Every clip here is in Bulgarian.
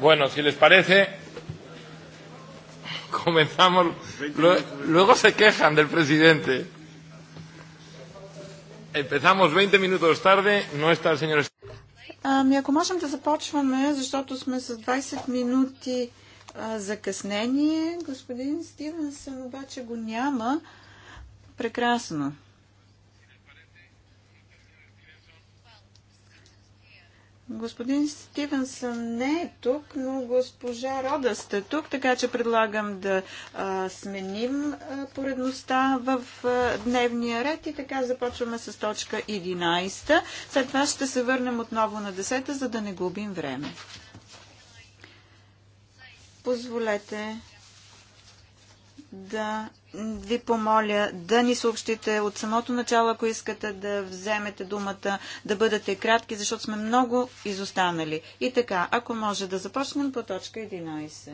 Bueno, si les parece, comenzamos. Luego se quejan del presidente. Empezamos 20 minutos tarde, no está el señor. Ами ако можем да започваме, защото сме с 20 минути а, закъснение, господин Стивенсън обаче го няма. Прекрасно. Господин Стивенсън не е тук, но госпожа Рода сте тук, така че предлагам да а, сменим а, поредността в а, дневния ред и така започваме с точка 11. След това ще се върнем отново на 10, за да не губим време. Позволете да ви помоля да ни съобщите от самото начало, ако искате да вземете думата, да бъдете кратки, защото сме много изостанали. И така, ако може да започнем по точка 11.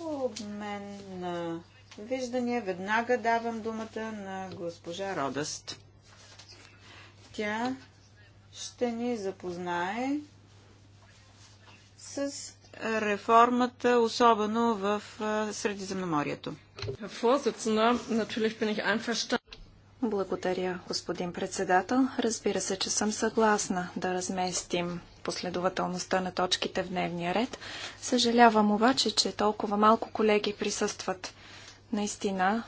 Обмен на виждания. Веднага давам думата на госпожа Родъст. Тя ще ни запознае с реформата, особено в Средиземноморието. Благодаря, господин председател. Разбира се, че съм съгласна да разместим последователността на точките в дневния ред. Съжалявам обаче, че толкова малко колеги присъстват. Наистина,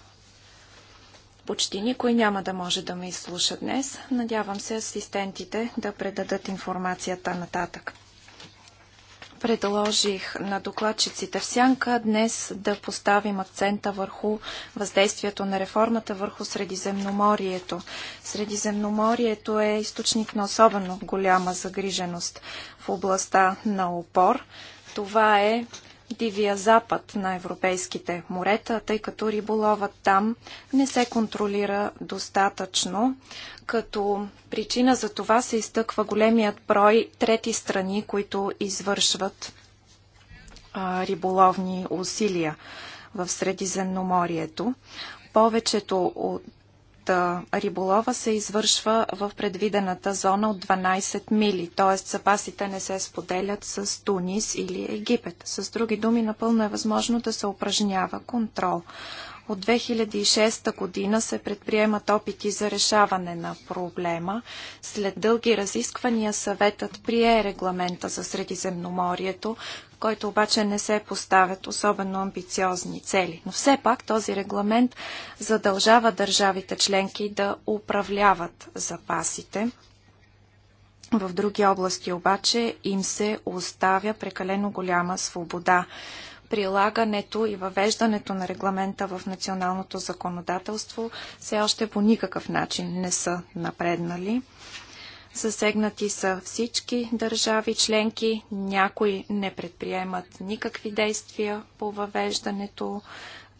почти никой няма да може да ме изслуша днес. Надявам се асистентите да предадат информацията нататък предложих на докладчиците в Сянка днес да поставим акцента върху въздействието на реформата върху Средиземноморието. Средиземноморието е източник на особено голяма загриженост в областта на опор. Това е Дивия запад на европейските морета, тъй като риболовът там не се контролира достатъчно. Като причина за това се изтъква големият брой трети страни, които извършват а, риболовни усилия в Средиземноморието повечето от риболова се извършва в предвидената зона от 12 мили, т.е. запасите не се споделят с Тунис или Египет. С други думи, напълно е възможно да се упражнява контрол. От 2006 година се предприемат опити за решаване на проблема. След дълги разисквания съветът прие регламента за Средиземноморието, който обаче не се поставят особено амбициозни цели. Но все пак този регламент задължава държавите членки да управляват запасите. В други области обаче им се оставя прекалено голяма свобода прилагането и въвеждането на регламента в националното законодателство все още по никакъв начин не са напреднали. Засегнати са всички държави членки, някои не предприемат никакви действия по въвеждането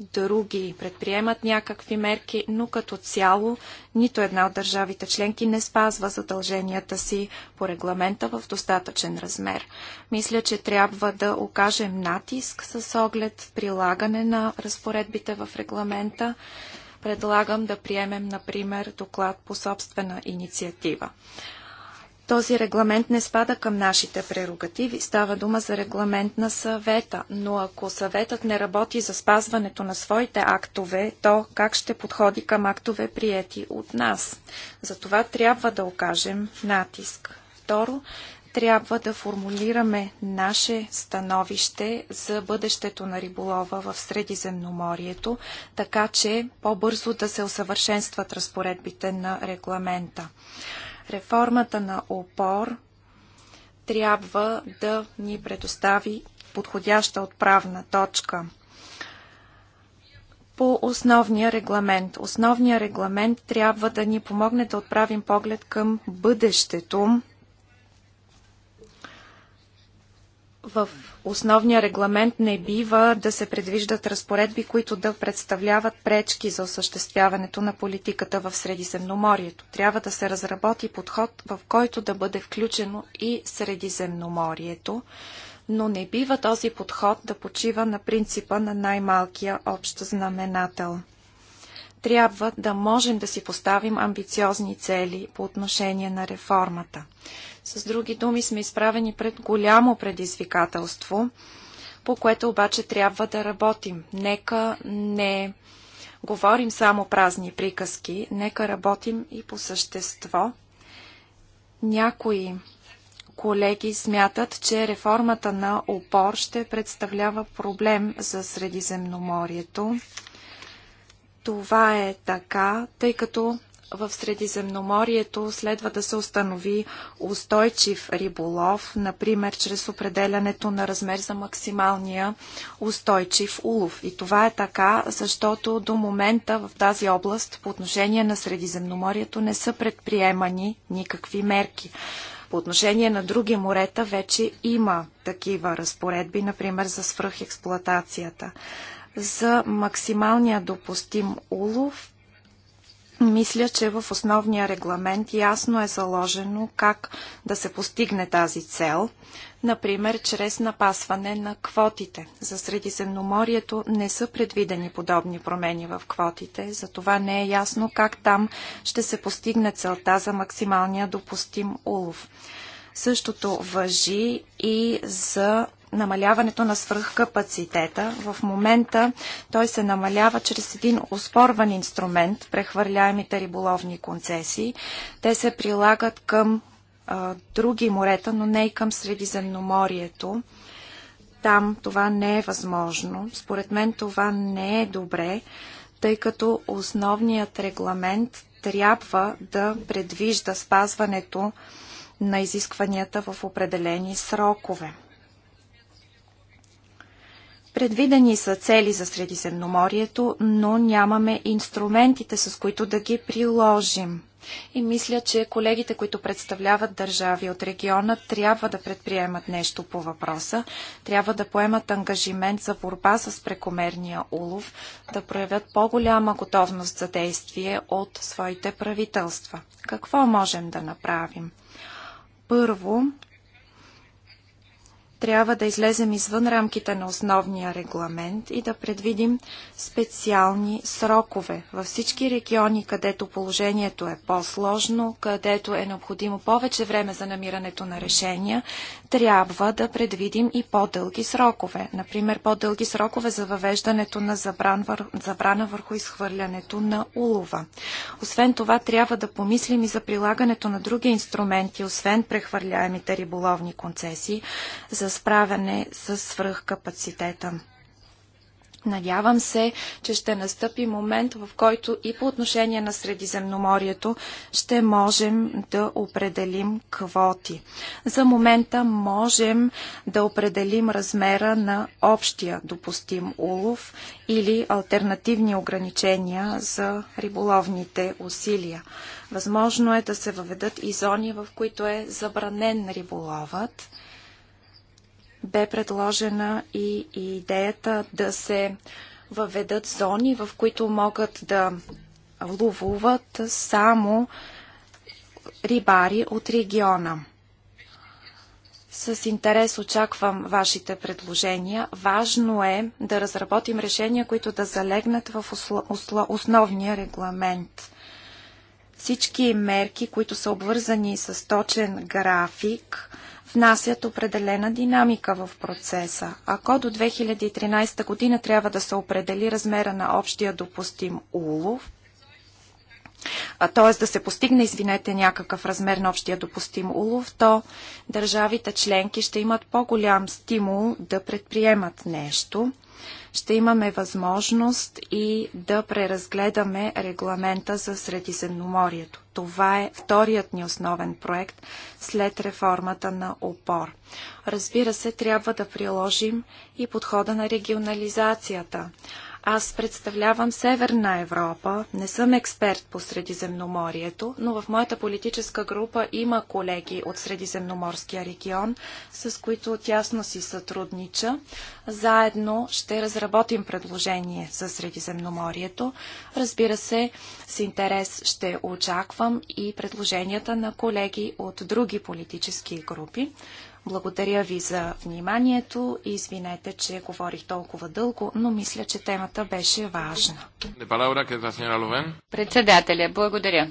други предприемат някакви мерки, но като цяло нито една от държавите членки не спазва задълженията си по регламента в достатъчен размер. Мисля, че трябва да окажем натиск с оглед прилагане на разпоредбите в регламента. Предлагам да приемем, например, доклад по собствена инициатива. Този регламент не спада към нашите прерогативи. Става дума за регламент на съвета. Но ако съветът не работи за спазването на своите актове, то как ще подходи към актове приети от нас? Затова трябва да окажем натиск. Второ, трябва да формулираме наше становище за бъдещето на риболова в Средиземноморието, така че по-бързо да се усъвършенстват разпоредбите на регламента. Реформата на опор трябва да ни предостави подходяща отправна точка. По основния регламент. Основния регламент трябва да ни помогне да отправим поглед към бъдещето в основния регламент не бива да се предвиждат разпоредби, които да представляват пречки за осъществяването на политиката в Средиземноморието. Трябва да се разработи подход, в който да бъде включено и Средиземноморието, но не бива този подход да почива на принципа на най-малкия общ знаменател трябва да можем да си поставим амбициозни цели по отношение на реформата. С други думи сме изправени пред голямо предизвикателство, по което обаче трябва да работим. Нека не говорим само празни приказки, нека работим и по същество. Някои колеги смятат, че реформата на опор ще представлява проблем за Средиземноморието. Това е така, тъй като в Средиземноморието следва да се установи устойчив риболов, например чрез определянето на размер за максималния устойчив улов. И това е така, защото до момента в тази област по отношение на Средиземноморието не са предприемани никакви мерки. По отношение на други морета вече има такива разпоредби, например за свръхексплоатацията за максималния допустим улов. Мисля, че в основния регламент ясно е заложено как да се постигне тази цел, например чрез напасване на квотите. За Средиземноморието не са предвидени подобни промени в квотите, затова не е ясно как там ще се постигне целта за максималния допустим улов. Същото въжи и за намаляването на свръхкапацитета. В момента той се намалява чрез един оспорван инструмент, прехвърляемите риболовни концесии. Те се прилагат към а, други морета, но не и към Средиземноморието. Там това не е възможно. Според мен това не е добре, тъй като основният регламент трябва да предвижда спазването на изискванията в определени срокове. Предвидени са цели за Средиземноморието, но нямаме инструментите, с които да ги приложим. И мисля, че колегите, които представляват държави от региона, трябва да предприемат нещо по въпроса, трябва да поемат ангажимент за борба с прекомерния улов, да проявят по-голяма готовност за действие от своите правителства. Какво можем да направим? Първо, трябва да излезем извън рамките на основния регламент и да предвидим специални срокове във всички региони, където положението е по-сложно, където е необходимо повече време за намирането на решения, трябва да предвидим и по-дълги срокове. Например, по-дълги срокове за въвеждането на забран вър... забрана върху изхвърлянето на улова. Освен това, трябва да помислим и за прилагането на други инструменти, освен прехвърляемите риболовни концесии, за справяне с свръхкапацитета. Надявам се, че ще настъпи момент, в който и по отношение на Средиземноморието ще можем да определим квоти. За момента можем да определим размера на общия допустим улов или альтернативни ограничения за риболовните усилия. Възможно е да се въведат и зони, в които е забранен риболовът бе предложена и идеята да се въведат зони, в които могат да ловуват само рибари от региона. С интерес очаквам вашите предложения. Важно е да разработим решения, които да залегнат в основния регламент. Всички мерки, които са обвързани с точен график, внасят определена динамика в процеса. Ако до 2013 година трябва да се определи размера на общия допустим улов, т.е. да се постигне, извинете, някакъв размер на общия допустим улов, то държавите членки ще имат по-голям стимул да предприемат нещо. Ще имаме възможност и да преразгледаме регламента за Средиземноморието. Това е вторият ни основен проект след реформата на опор. Разбира се, трябва да приложим и подхода на регионализацията. Аз представлявам Северна Европа, не съм експерт по Средиземноморието, но в моята политическа група има колеги от Средиземноморския регион, с които тясно си сътруднича. Заедно ще разработим предложение за Средиземноморието. Разбира се, с интерес ще очаквам и предложенията на колеги от други политически групи. Благодаря ви за вниманието и извинете, че говорих толкова дълго, но мисля, че темата беше важна. Председателя, благодаря.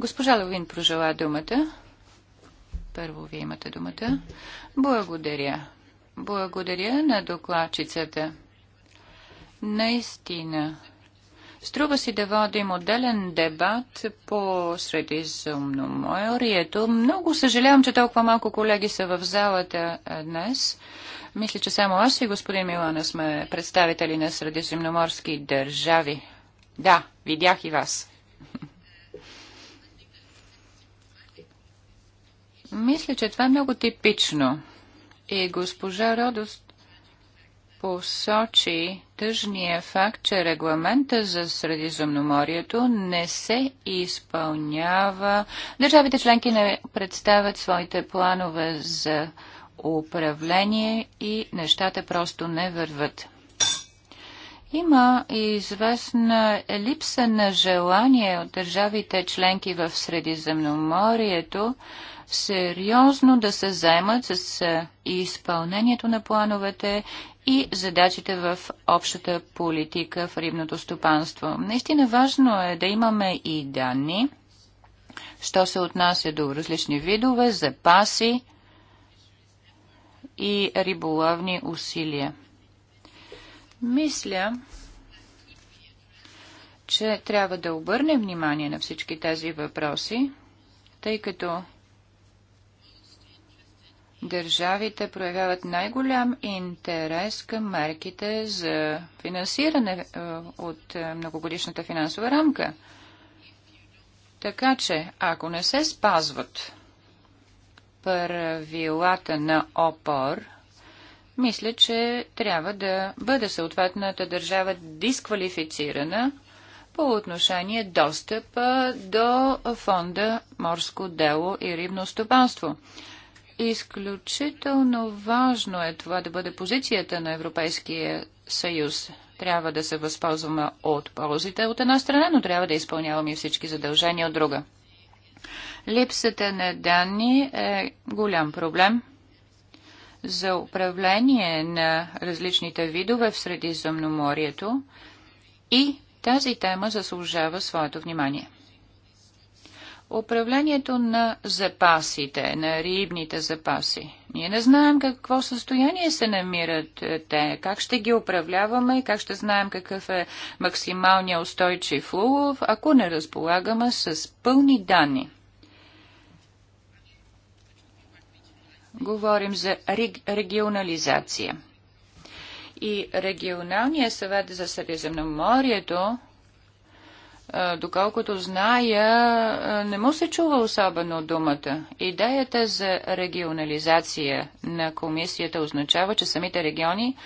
Госпожа Ловин прожела думата. Първо вие имате думата. Благодаря. Благодаря на докладчицата. Наистина, Струва си да водим отделен дебат по средиземноморието. Много съжалявам, че толкова малко колеги са в залата днес. Мисля, че само аз и господин Милана сме представители на средиземноморски държави. Да, видях и вас. Мисля, че това е много типично. И госпожа Родост посочи тъжния факт, че регламента за Средиземноморието не се изпълнява. Държавите членки не представят своите планове за управление и нещата просто не върват. Има известна липса на желание от държавите членки в Средиземноморието сериозно да се заемат с е, изпълнението на плановете и задачите в общата политика в рибното стопанство. Наистина важно е да имаме и данни, що се отнася до различни видове, запаси и риболовни усилия. Мисля, че трябва да обърнем внимание на всички тези въпроси, тъй като държавите проявяват най-голям интерес към мерките за финансиране е, от е, многогодишната финансова рамка. Така че, ако не се спазват правилата на ОПОР, мисля, че трябва да бъде съответната държава дисквалифицирана по отношение достъпа до фонда Морско дело и рибно стопанство. Изключително важно е това да бъде позицията на Европейския съюз. Трябва да се възползваме от ползите от една страна, но трябва да изпълняваме всички задължения от друга. Липсата на данни е голям проблем за управление на различните видове в Средиземноморието и тази тема заслужава своето внимание управлението на запасите, на рибните запаси. Ние не знаем какво състояние се намират е, те, как ще ги управляваме как ще знаем какъв е максималният устойчив улов, ако не разполагаме с пълни данни. Говорим за регионализация. И регионалният съвет за Средиземноморието доколкото зная, не му се чува особено думата. Идеята за регионализация на комисията означава, че самите региони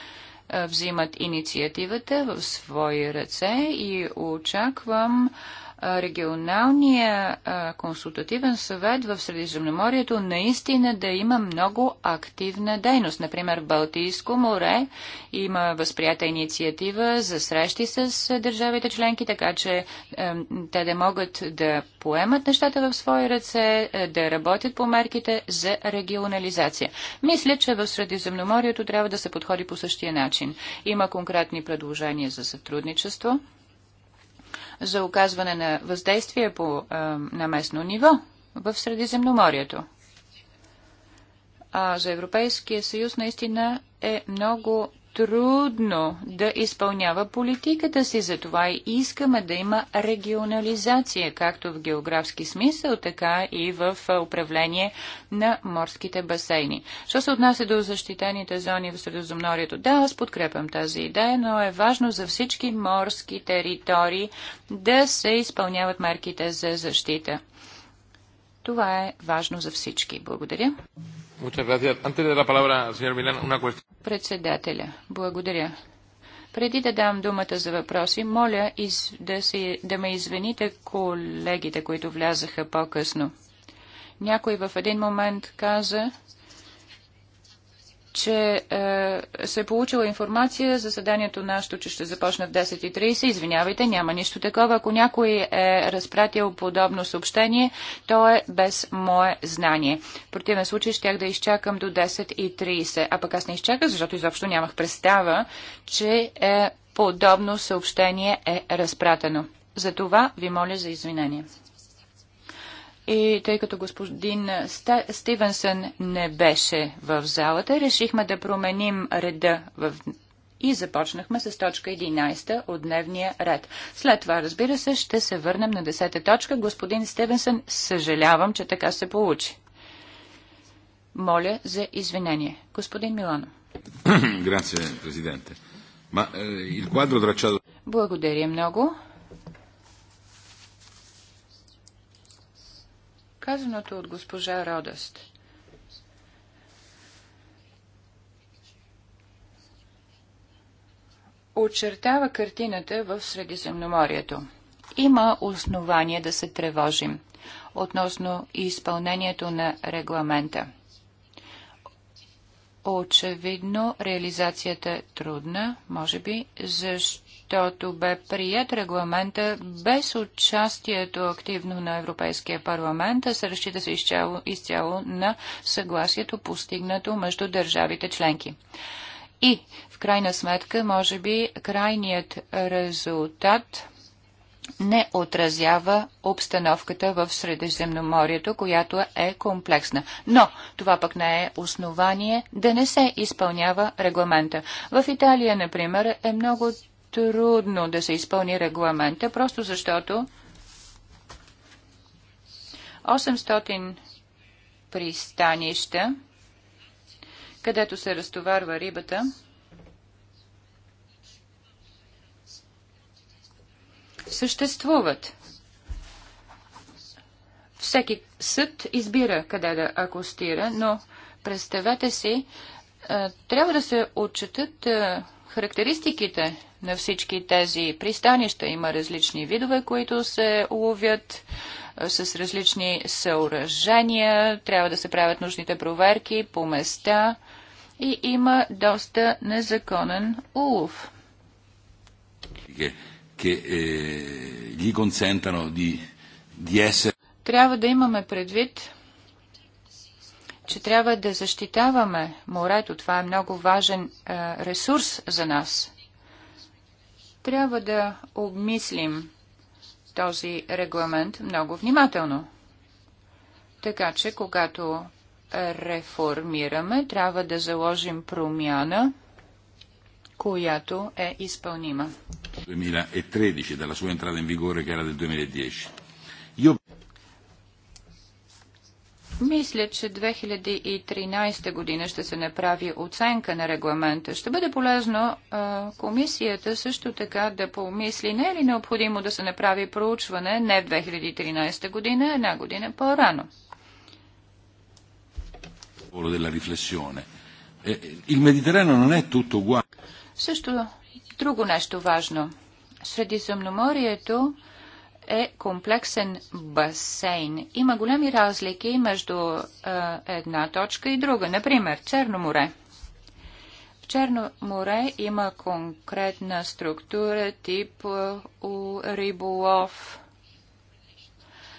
взимат инициативата в свои ръце и очаквам регионалния консултативен съвет в Средиземноморието наистина да има много активна дейност. Например, в Балтийско море има възприята инициатива за срещи с държавите членки, така че те да могат да поемат нещата в свои ръце, да работят по мерките за регионализация. Мисля, че в Средиземноморието трябва да се подходи по същия начин. Има конкретни предложения за сътрудничество за оказване на въздействие по, на местно ниво в Средиземноморието. А за Европейския съюз наистина е много трудно да изпълнява политиката си, затова и искаме да има регионализация, както в географски смисъл, така и в управление на морските басейни. Що се отнася до защитените зони в Средоземноорието? Да, аз подкрепям тази идея, но е важно за всички морски територии да се изпълняват мерките за защита. Това е важно за всички. Благодаря. Председателя, благодаря. Преди да дам думата за въпроси, моля из, да, си, да ме извините колегите, които влязаха по-късно. Някой в един момент каза, че е, се е получила информация за съданието нашето, че ще започне в 10.30. Извинявайте, няма нищо такова. Ако някой е разпратил подобно съобщение, то е без мое знание. В противен случай щях да изчакам до 10.30. А пък аз не изчаках, защото изобщо нямах представа, че е подобно съобщение е разпратено. За това ви моля за извинение. И тъй като господин Стивенсън не беше в залата, решихме да променим реда в и започнахме с точка 11 от дневния ред. След това, разбира се, ще се върнем на 10 точка. Господин Стивенсън, съжалявам, че така се получи. Моля за извинение. Господин Милано. Благодаря, президенте. Е, Благодаря много. казаното от госпожа Родост. очертава картината в Средиземноморието. Има основание да се тревожим относно изпълнението на регламента. Очевидно реализацията е трудна, може би, защото защото бе прият регламента без участието активно на Европейския парламент, а се разчита се изцяло, изцяло на съгласието постигнато между държавите членки. И в крайна сметка, може би, крайният резултат не отразява обстановката в Средиземноморието, която е комплексна. Но това пък не е основание да не се изпълнява регламента. В Италия, например, е много трудно да се изпълни регламента, просто защото 800 пристанища, където се разтоварва рибата, съществуват. Всеки съд избира къде да акустира, но представете си, трябва да се отчетат характеристиките на всички тези пристанища. Има различни видове, които се ловят с различни съоръжения. Трябва да се правят нужните проверки по места и има доста незаконен улов. Е, Трябва да имаме предвид, че трябва да защитаваме морето. Това е много важен е, ресурс за нас. Трябва да обмислим този регламент много внимателно. Така че, когато реформираме, трябва да заложим промяна, която е изпълнима. 2013 дала своя ентрада в вигоре, кара 2010. Мисля, че 2013 година ще се направи оценка на регламента. Ще бъде полезно а, комисията също така да помисли не е ли необходимо да се направи проучване не в 2013 година, една година по-рано. Е, също друго нещо важно. Средиземноморието е комплексен басейн. Има големи разлики между е, една точка и друга. Например, Черно море. В Черно море има конкретна структура, тип е, у, риболов,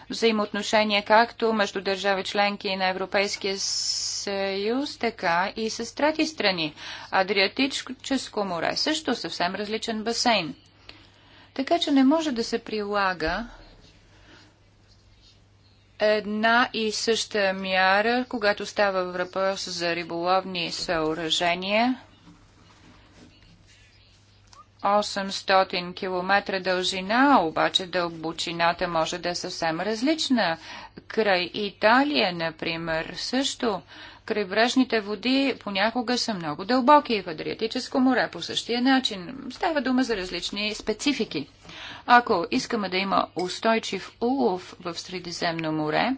взаимоотношения както между държави членки на Европейския съюз, така и с трети страни. Адриатическо море също съвсем различен басейн. Така че не може да се прилага една и съща мяра, когато става въпрос за риболовни съоръжения. 800 км дължина, обаче дълбочината може да е съвсем различна. Край Италия, например, също крайбрежните води понякога са много дълбоки в Адриатическо море по същия начин. Става дума за различни специфики. Ако искаме да има устойчив улов в Средиземно море,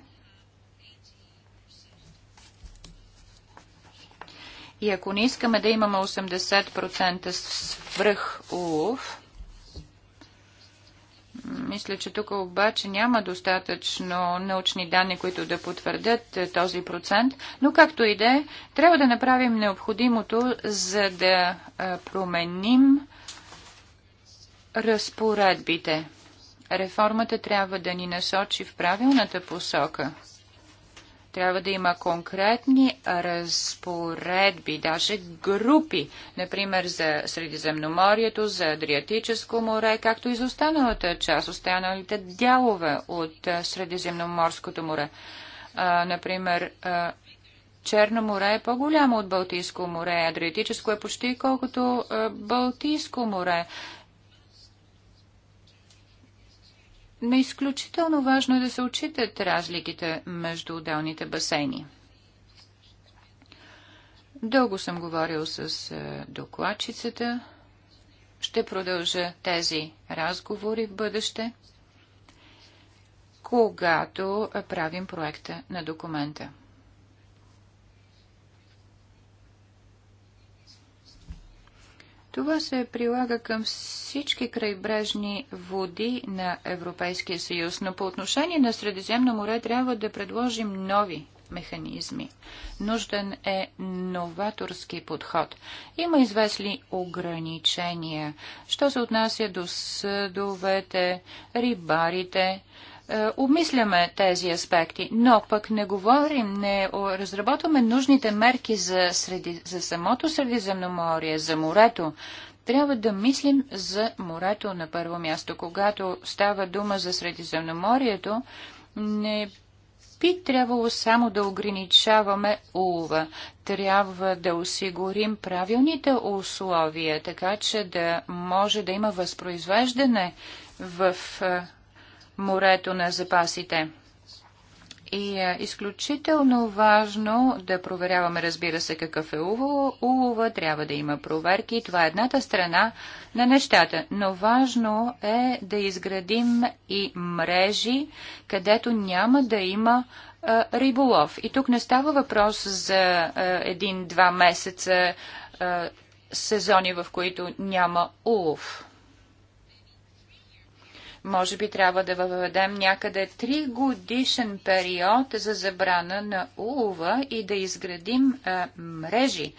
и ако не искаме да имаме 80% свръх улов, мисля, че тук обаче няма достатъчно научни данни, които да потвърдят е, този процент, но както и да е, трябва да направим необходимото, за да е, променим разпоредбите. Реформата трябва да ни насочи в правилната посока – трябва да има конкретни разпоредби, даже групи, например за Средиземноморието, за Адриатическо море, както и за останалата част, останалите дялове от Средиземноморското море. А, например, Черно море е по-голямо от Балтийско море, Адриатическо е почти колкото Балтийско море. Но Изключително важно е да се отчитат разликите между отделните басейни. Дълго съм говорил с е, докладчицата. Ще продължа тези разговори в бъдеще, когато е, правим проекта на документа. Това се прилага към всички крайбрежни води на Европейския съюз, но по отношение на Средиземно море трябва да предложим нови механизми. Нужден е новаторски подход. Има известни ограничения, що се отнася до съдовете, рибарите, е, обмисляме тези аспекти, но пък не говорим, не разработваме нужните мерки за, среди, за самото Средиземноморие, за морето. Трябва да мислим за морето на първо място. Когато става дума за Средиземноморието, не би трябвало само да ограничаваме улова. Трябва да осигурим правилните условия, така че да може да има възпроизвеждане в е, морето на запасите. И е изключително важно да проверяваме, разбира се, какъв е улова. Улова трябва да има проверки. Това е едната страна на нещата. Но важно е да изградим и мрежи, където няма да има е, риболов. И тук не става въпрос за е, един-два месеца е, сезони, в които няма улов. Може би трябва да въведем някъде три годишен период за забрана на улова и да изградим а, мрежи,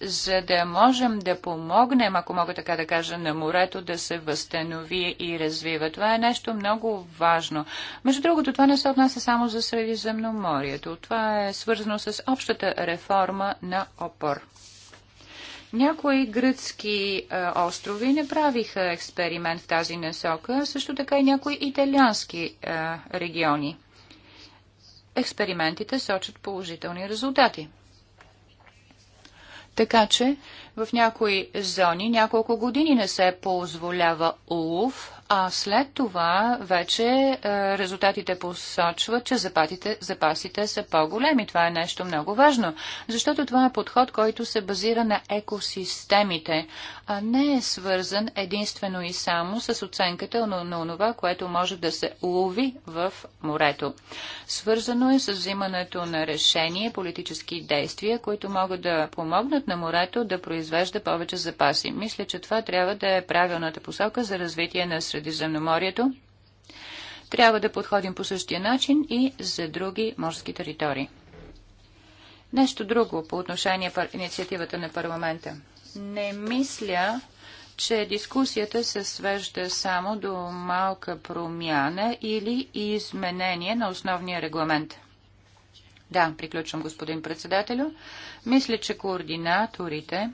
за да можем да помогнем, ако мога така да кажа, на морето да се възстанови и развива. Това е нещо много важно. Между другото, това не се отнася само за Средиземноморието. Това е свързано с общата реформа на ОПОР. Някои гръцки е, острови не правиха експеримент в тази насока, също така и някои италиански е, региони. Експериментите сочат положителни резултати. Така че в някои зони няколко години не се позволява улов а след това вече е, резултатите посочват, че запасите, запасите са по-големи. Това е нещо много важно, защото това е подход, който се базира на екосистемите, не е свързан единствено и само с оценката на, на това, което може да се лови в морето. Свързано е с взимането на решения, политически действия, които могат да помогнат на морето да произвежда повече запаси. Мисля, че това трябва да е правилната посока за развитие на Средиземноморието. Трябва да подходим по същия начин и за други морски територии. Нещо друго по отношение на инициативата на парламента. Не мисля, че дискусията се свежда само до малка промяна или изменение на основния регламент. Да, приключвам, господин председателю. Мисля, че координаторите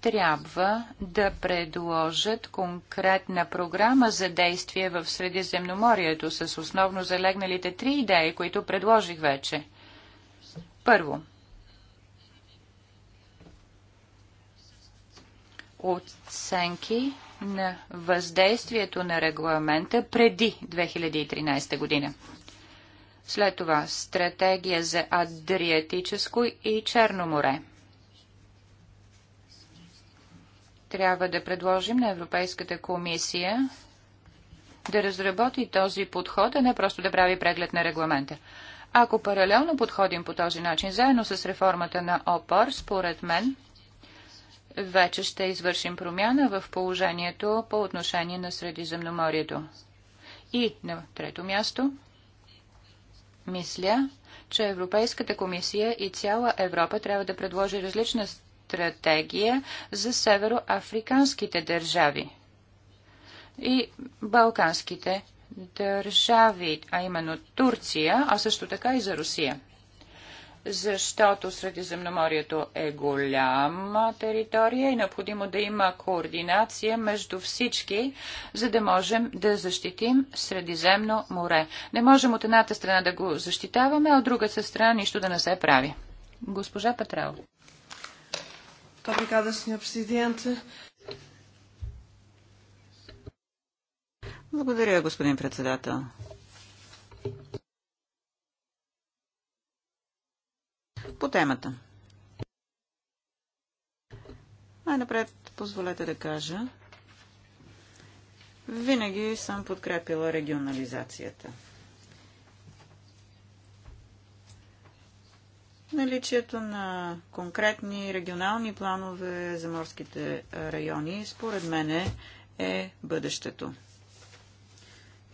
трябва да предложат конкретна програма за действие в Средиземноморието с основно залегналите три идеи, които предложих вече. Първо, оценки на въздействието на регламента преди 2013 година. След това стратегия за Адриатическо и Черно море. Трябва да предложим на Европейската комисия да разработи този подход, а не просто да прави преглед на регламента. Ако паралелно подходим по този начин, заедно с реформата на ОПОР, според мен, вече ще извършим промяна в положението по отношение на Средиземноморието. И на трето място, мисля, че Европейската комисия и цяла Европа трябва да предложи различна стратегия за североафриканските държави и балканските държави, а именно Турция, а също така и за Русия защото Средиземноморието е голяма територия и е необходимо да има координация между всички, за да можем да защитим Средиземно море. Не можем от едната страна да го защитаваме, а от другата страна нищо да не се прави. Госпожа Петрал. Obrigada, Благодаря, господин председател. по темата. Най-напред позволете да кажа, винаги съм подкрепила регионализацията. Наличието на конкретни регионални планове за морските райони, според мен е бъдещето.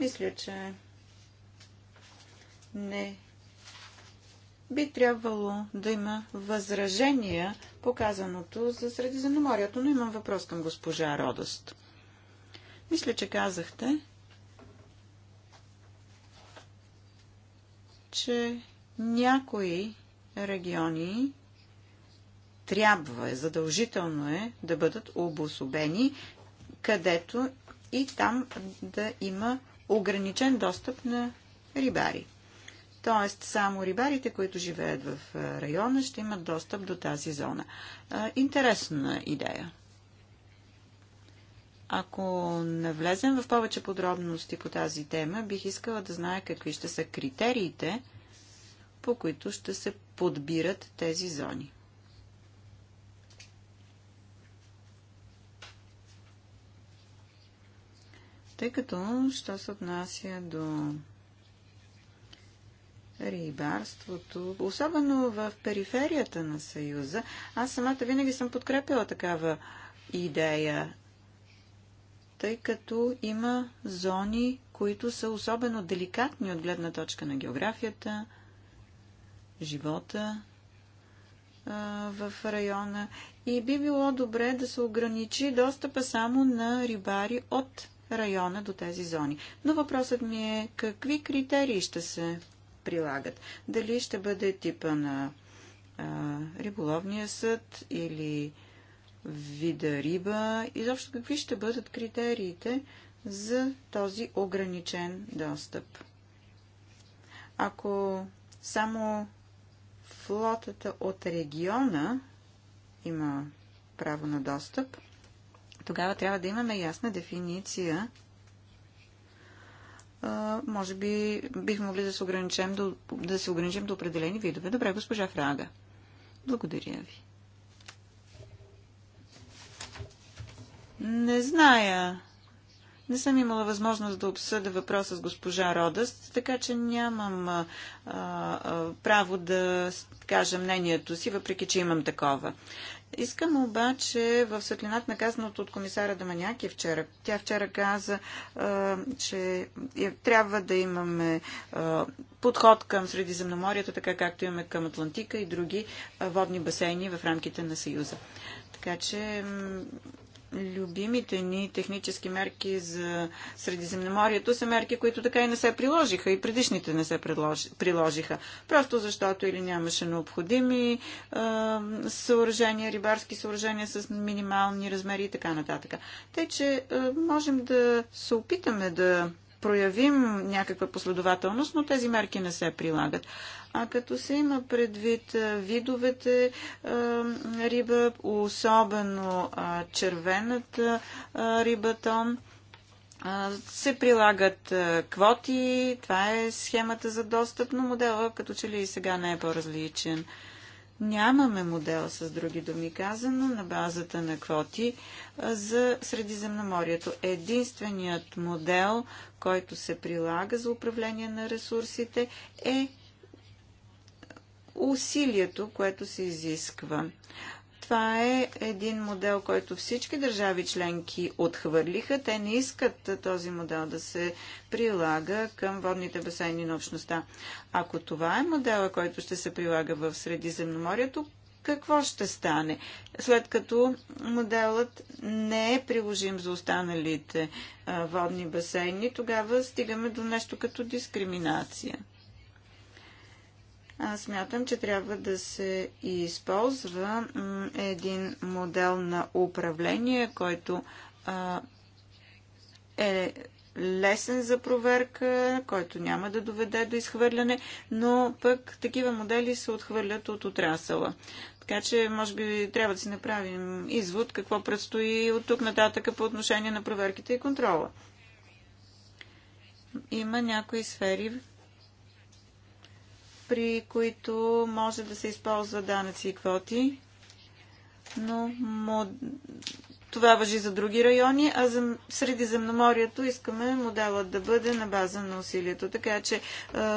Мисля, че не би трябвало да има възражения по казаното за Средиземноморието, но имам въпрос към госпожа Родост. Мисля, че казахте, че някои региони трябва, е, задължително е да бъдат обособени, където и там да има ограничен достъп на рибари. Тоест, само рибарите, които живеят в района, ще имат достъп до тази зона. Интересна идея. Ако не влезем в повече подробности по тази тема, бих искала да зная какви ще са критериите, по които ще се подбират тези зони. Тъй като, що се отнася до рибарството, особено в периферията на Съюза. Аз самата винаги съм подкрепила такава идея, тъй като има зони, които са особено деликатни от гледна точка на географията, живота в района и би било добре да се ограничи достъпа само на рибари от района до тези зони. Но въпросът ми е какви критерии ще се прилагат. Дали ще бъде типа на а, риболовния съд или вида риба, изобщо какви ще бъдат критериите за този ограничен достъп. Ако само флотата от региона има право на достъп, тогава трябва да имаме ясна дефиниция може би бих могли да се ограничим до, да се ограничим до определени видове. Добре, госпожа Фрага. Благодаря ви. Не зная. Не съм имала възможност да обсъда въпроса с госпожа Родъст, така че нямам а, а, право да кажа мнението си, въпреки че имам такова. Искам обаче в светлината на казаното от комисара Даманяки вчера. Тя вчера каза, че трябва да имаме подход към Средиземноморието, така както имаме към Атлантика и други водни басейни в рамките на Съюза. Така че любимите ни технически мерки за Средиземноморието са мерки, които така и не се приложиха и предишните не се приложиха. Просто защото или нямаше необходими е, съоръжения, рибарски съоръжения с минимални размери и така нататък. Те, че е, можем да се опитаме да проявим някаква последователност, но тези мерки не се прилагат. А като се има предвид видовете риба, особено червената риба тон, се прилагат квоти, това е схемата за достъп, но модела като че ли и сега не е по-различен. Нямаме модел, с други думи казано, на базата на квоти за Средиземноморието. Единственият модел, който се прилага за управление на ресурсите е усилието, което се изисква. Това е един модел, който всички държави членки отхвърлиха. Те не искат този модел да се прилага към водните басейни на общността. Ако това е модела, който ще се прилага в Средиземноморието, какво ще стане, след като моделът не е приложим за останалите водни басейни, тогава стигаме до нещо като дискриминация. Аз смятам, че трябва да се използва един модел на управление, който е лесен за проверка, който няма да доведе до изхвърляне, но пък такива модели се отхвърлят от отрасъла. Така че, може би, трябва да си направим извод какво предстои от тук нататъка по отношение на проверките и контрола. Има някои сфери, при които може да се използва данъци и квоти, но това въжи за други райони, а за Средиземноморието искаме моделът да бъде на база на усилието. Така че,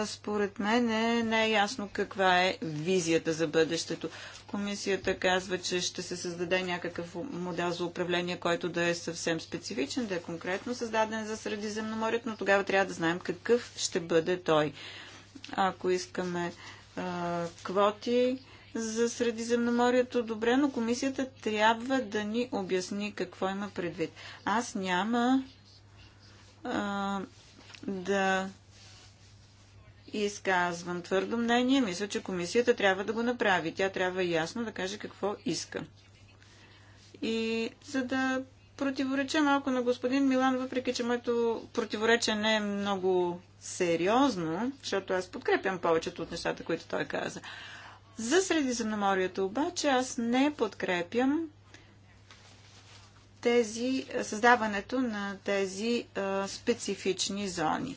според мен, не е ясно каква е визията за бъдещето. Комисията казва, че ще се създаде някакъв модел за управление, който да е съвсем специфичен, да е конкретно създаден за Средиземноморието, но тогава трябва да знаем какъв ще бъде той. Ако искаме а, квоти за Средиземноморието, добре, но комисията трябва да ни обясни какво има предвид. Аз няма а, да изказвам твърдо мнение. Мисля, че комисията трябва да го направи. Тя трябва ясно да каже какво иска. И за да противореча малко на господин Милан, въпреки че моето противоречие не е много сериозно, защото аз подкрепям повечето от нещата, които той каза. За Средиземноморието обаче аз не подкрепям тези, създаването на тези а, специфични зони.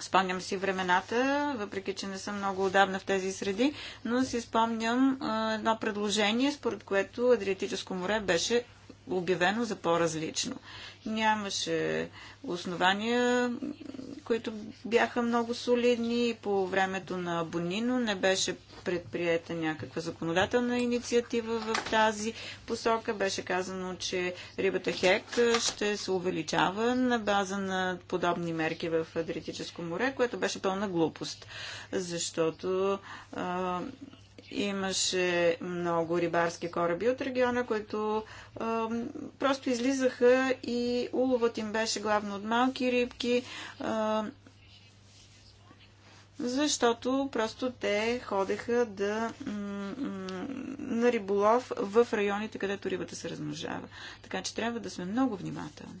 Спомням си времената, въпреки че не съм много отдавна в тези среди, но си спомням а, едно предложение, според което Адриатическо море беше обявено за по-различно. Нямаше основания, които бяха много солидни и по времето на Бонино. Не беше предприета някаква законодателна инициатива в тази посока. Беше казано, че рибата хек ще се увеличава на база на подобни мерки в Адриатическо море, което беше пълна глупост, защото а, Имаше много рибарски кораби от региона, които а, просто излизаха и уловът им беше главно от малки рибки, а, защото просто те ходеха да, на риболов в районите, където рибата се размножава. Така че трябва да сме много внимателни.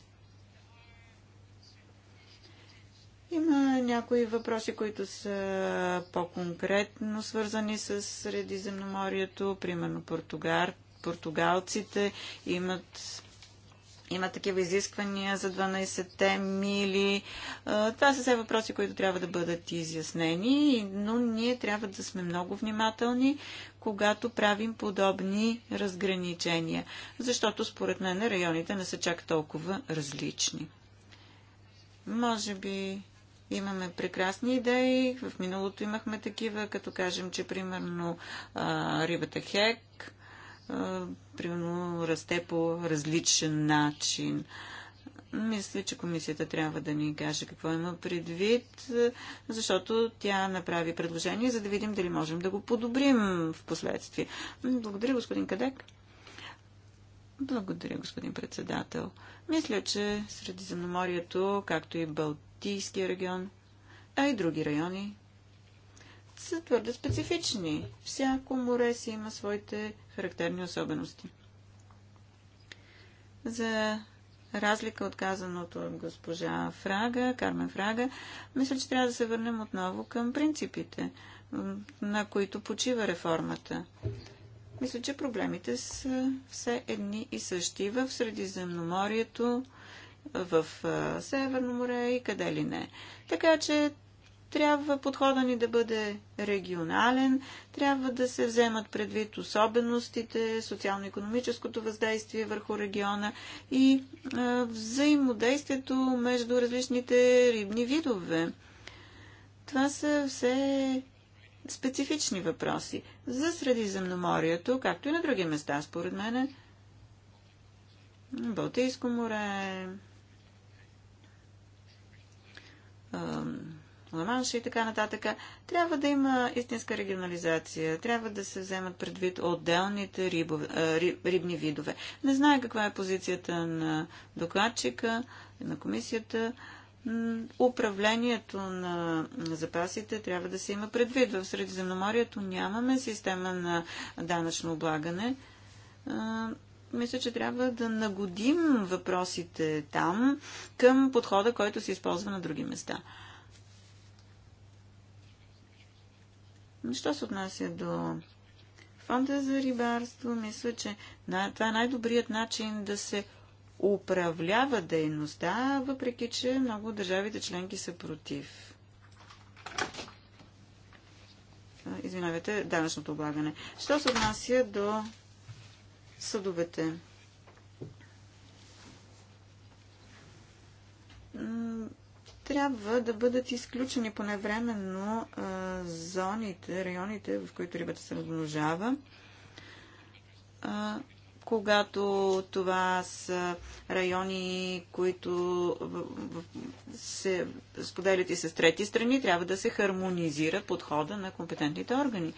Има някои въпроси, които са по-конкретно свързани с Средиземноморието. Примерно португар, португалците имат имат такива изисквания за 12-те мили. Това са все въпроси, които трябва да бъдат изяснени, но ние трябва да сме много внимателни, когато правим подобни разграничения, защото според мен районите не са чак толкова различни. Може би Имаме прекрасни идеи. В миналото имахме такива, като кажем, че примерно а, рибата хек а, примерно расте по различен начин. Мисля, че комисията трябва да ни каже какво има предвид, защото тя направи предложение, за да видим дали можем да го подобрим в последствие. Благодаря, господин Кадек. Благодаря, господин председател. Мисля, че Средиземноморието, както и Балт Тийския регион, а и други райони, са твърде специфични. Всяко море си има своите характерни особености. За разлика от казаното от госпожа Фрага, Кармен Фрага, мисля, че трябва да се върнем отново към принципите, на които почива реформата. Мисля, че проблемите са все едни и същи. В Средиземноморието в Северно море и къде ли не. Така че трябва подхода ни да бъде регионален, трябва да се вземат предвид особеностите, социално-економическото въздействие върху региона и а, взаимодействието между различните рибни видове. Това са все специфични въпроси за Средиземноморието, както и на други места, според мен. Балтийско море, Ламанша и така нататък. Трябва да има истинска регионализация. Трябва да се вземат предвид отделните рибове, риб, рибни видове. Не знае каква е позицията на докладчика, на комисията. Управлението на запасите трябва да се има предвид. В Средиземноморието нямаме система на данъчно облагане мисля, че трябва да нагодим въпросите там към подхода, който се използва на други места. Що се отнася до фонда за рибарство, мисля, че това е най-добрият начин да се управлява дейността, въпреки че много държавите членки са против. Извинявайте, данъчното облагане. Що се отнася до съдовете. Трябва да бъдат изключени поневременно зоните, районите, в които рибата се размножава когато това са райони, които се споделят и с трети страни, трябва да се хармонизира подхода на компетентните органи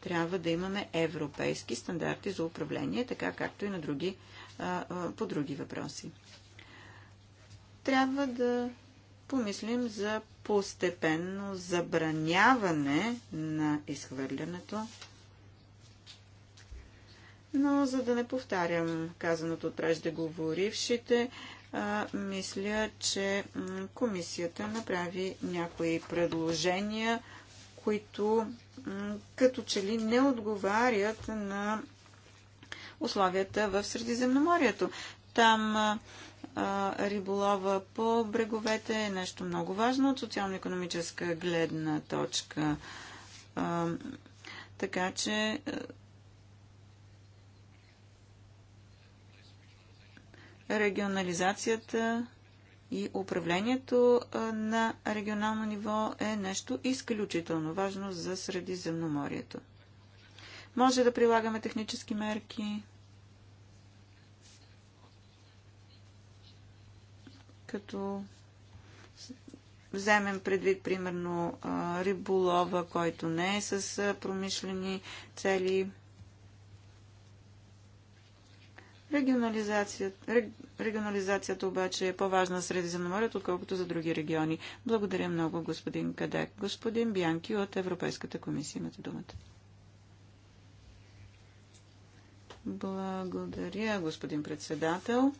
трябва да имаме европейски стандарти за управление, така както и на други, по други въпроси. Трябва да помислим за постепенно забраняване на изхвърлянето. Но за да не повтарям казаното от преждеговорившите, мисля, че комисията направи някои предложения, които като че ли не отговарят на условията в Средиземноморието. Там риболова по бреговете е нещо много важно от социално-економическа гледна точка. така че регионализацията и управлението на регионално ниво е нещо изключително важно за Средиземноморието. Може да прилагаме технически мерки, като вземем предвид, примерно, риболова, който не е с промишлени цели, Регионализацията, регионализацията обаче е по-важна среди морето, отколкото за други региони. Благодаря много, господин Кадек. Господин Бянки от Европейската комисия, имате думата. Благодаря, господин председател.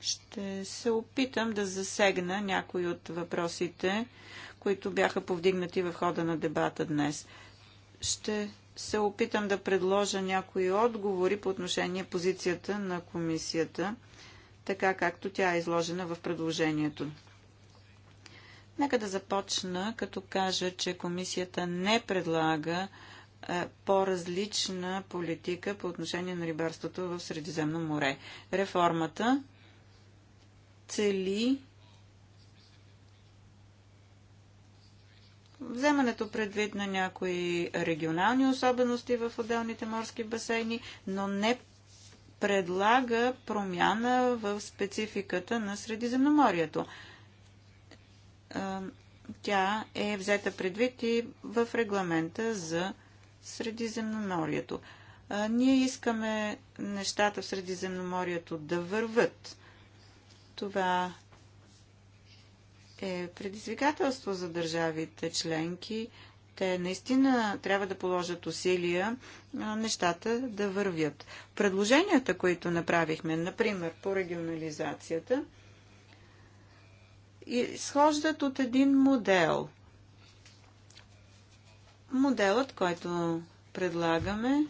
Ще се опитам да засегна някои от въпросите, които бяха повдигнати в хода на дебата днес. Ще се опитам да предложа някои отговори по отношение позицията на комисията, така както тя е изложена в предложението. Нека да започна, като кажа, че комисията не предлага е, по-различна политика по отношение на рибарството в Средиземно море. Реформата цели вземането предвид на някои регионални особености в отделните морски басейни, но не предлага промяна в спецификата на Средиземноморието. Тя е взета предвид и в регламента за Средиземноморието. Ние искаме нещата в Средиземноморието да върват. Това е предизвикателство за държавите членки. Те наистина трябва да положат усилия нещата да вървят. Предложенията, които направихме, например по регионализацията, изхождат от един модел. Моделът, който предлагаме,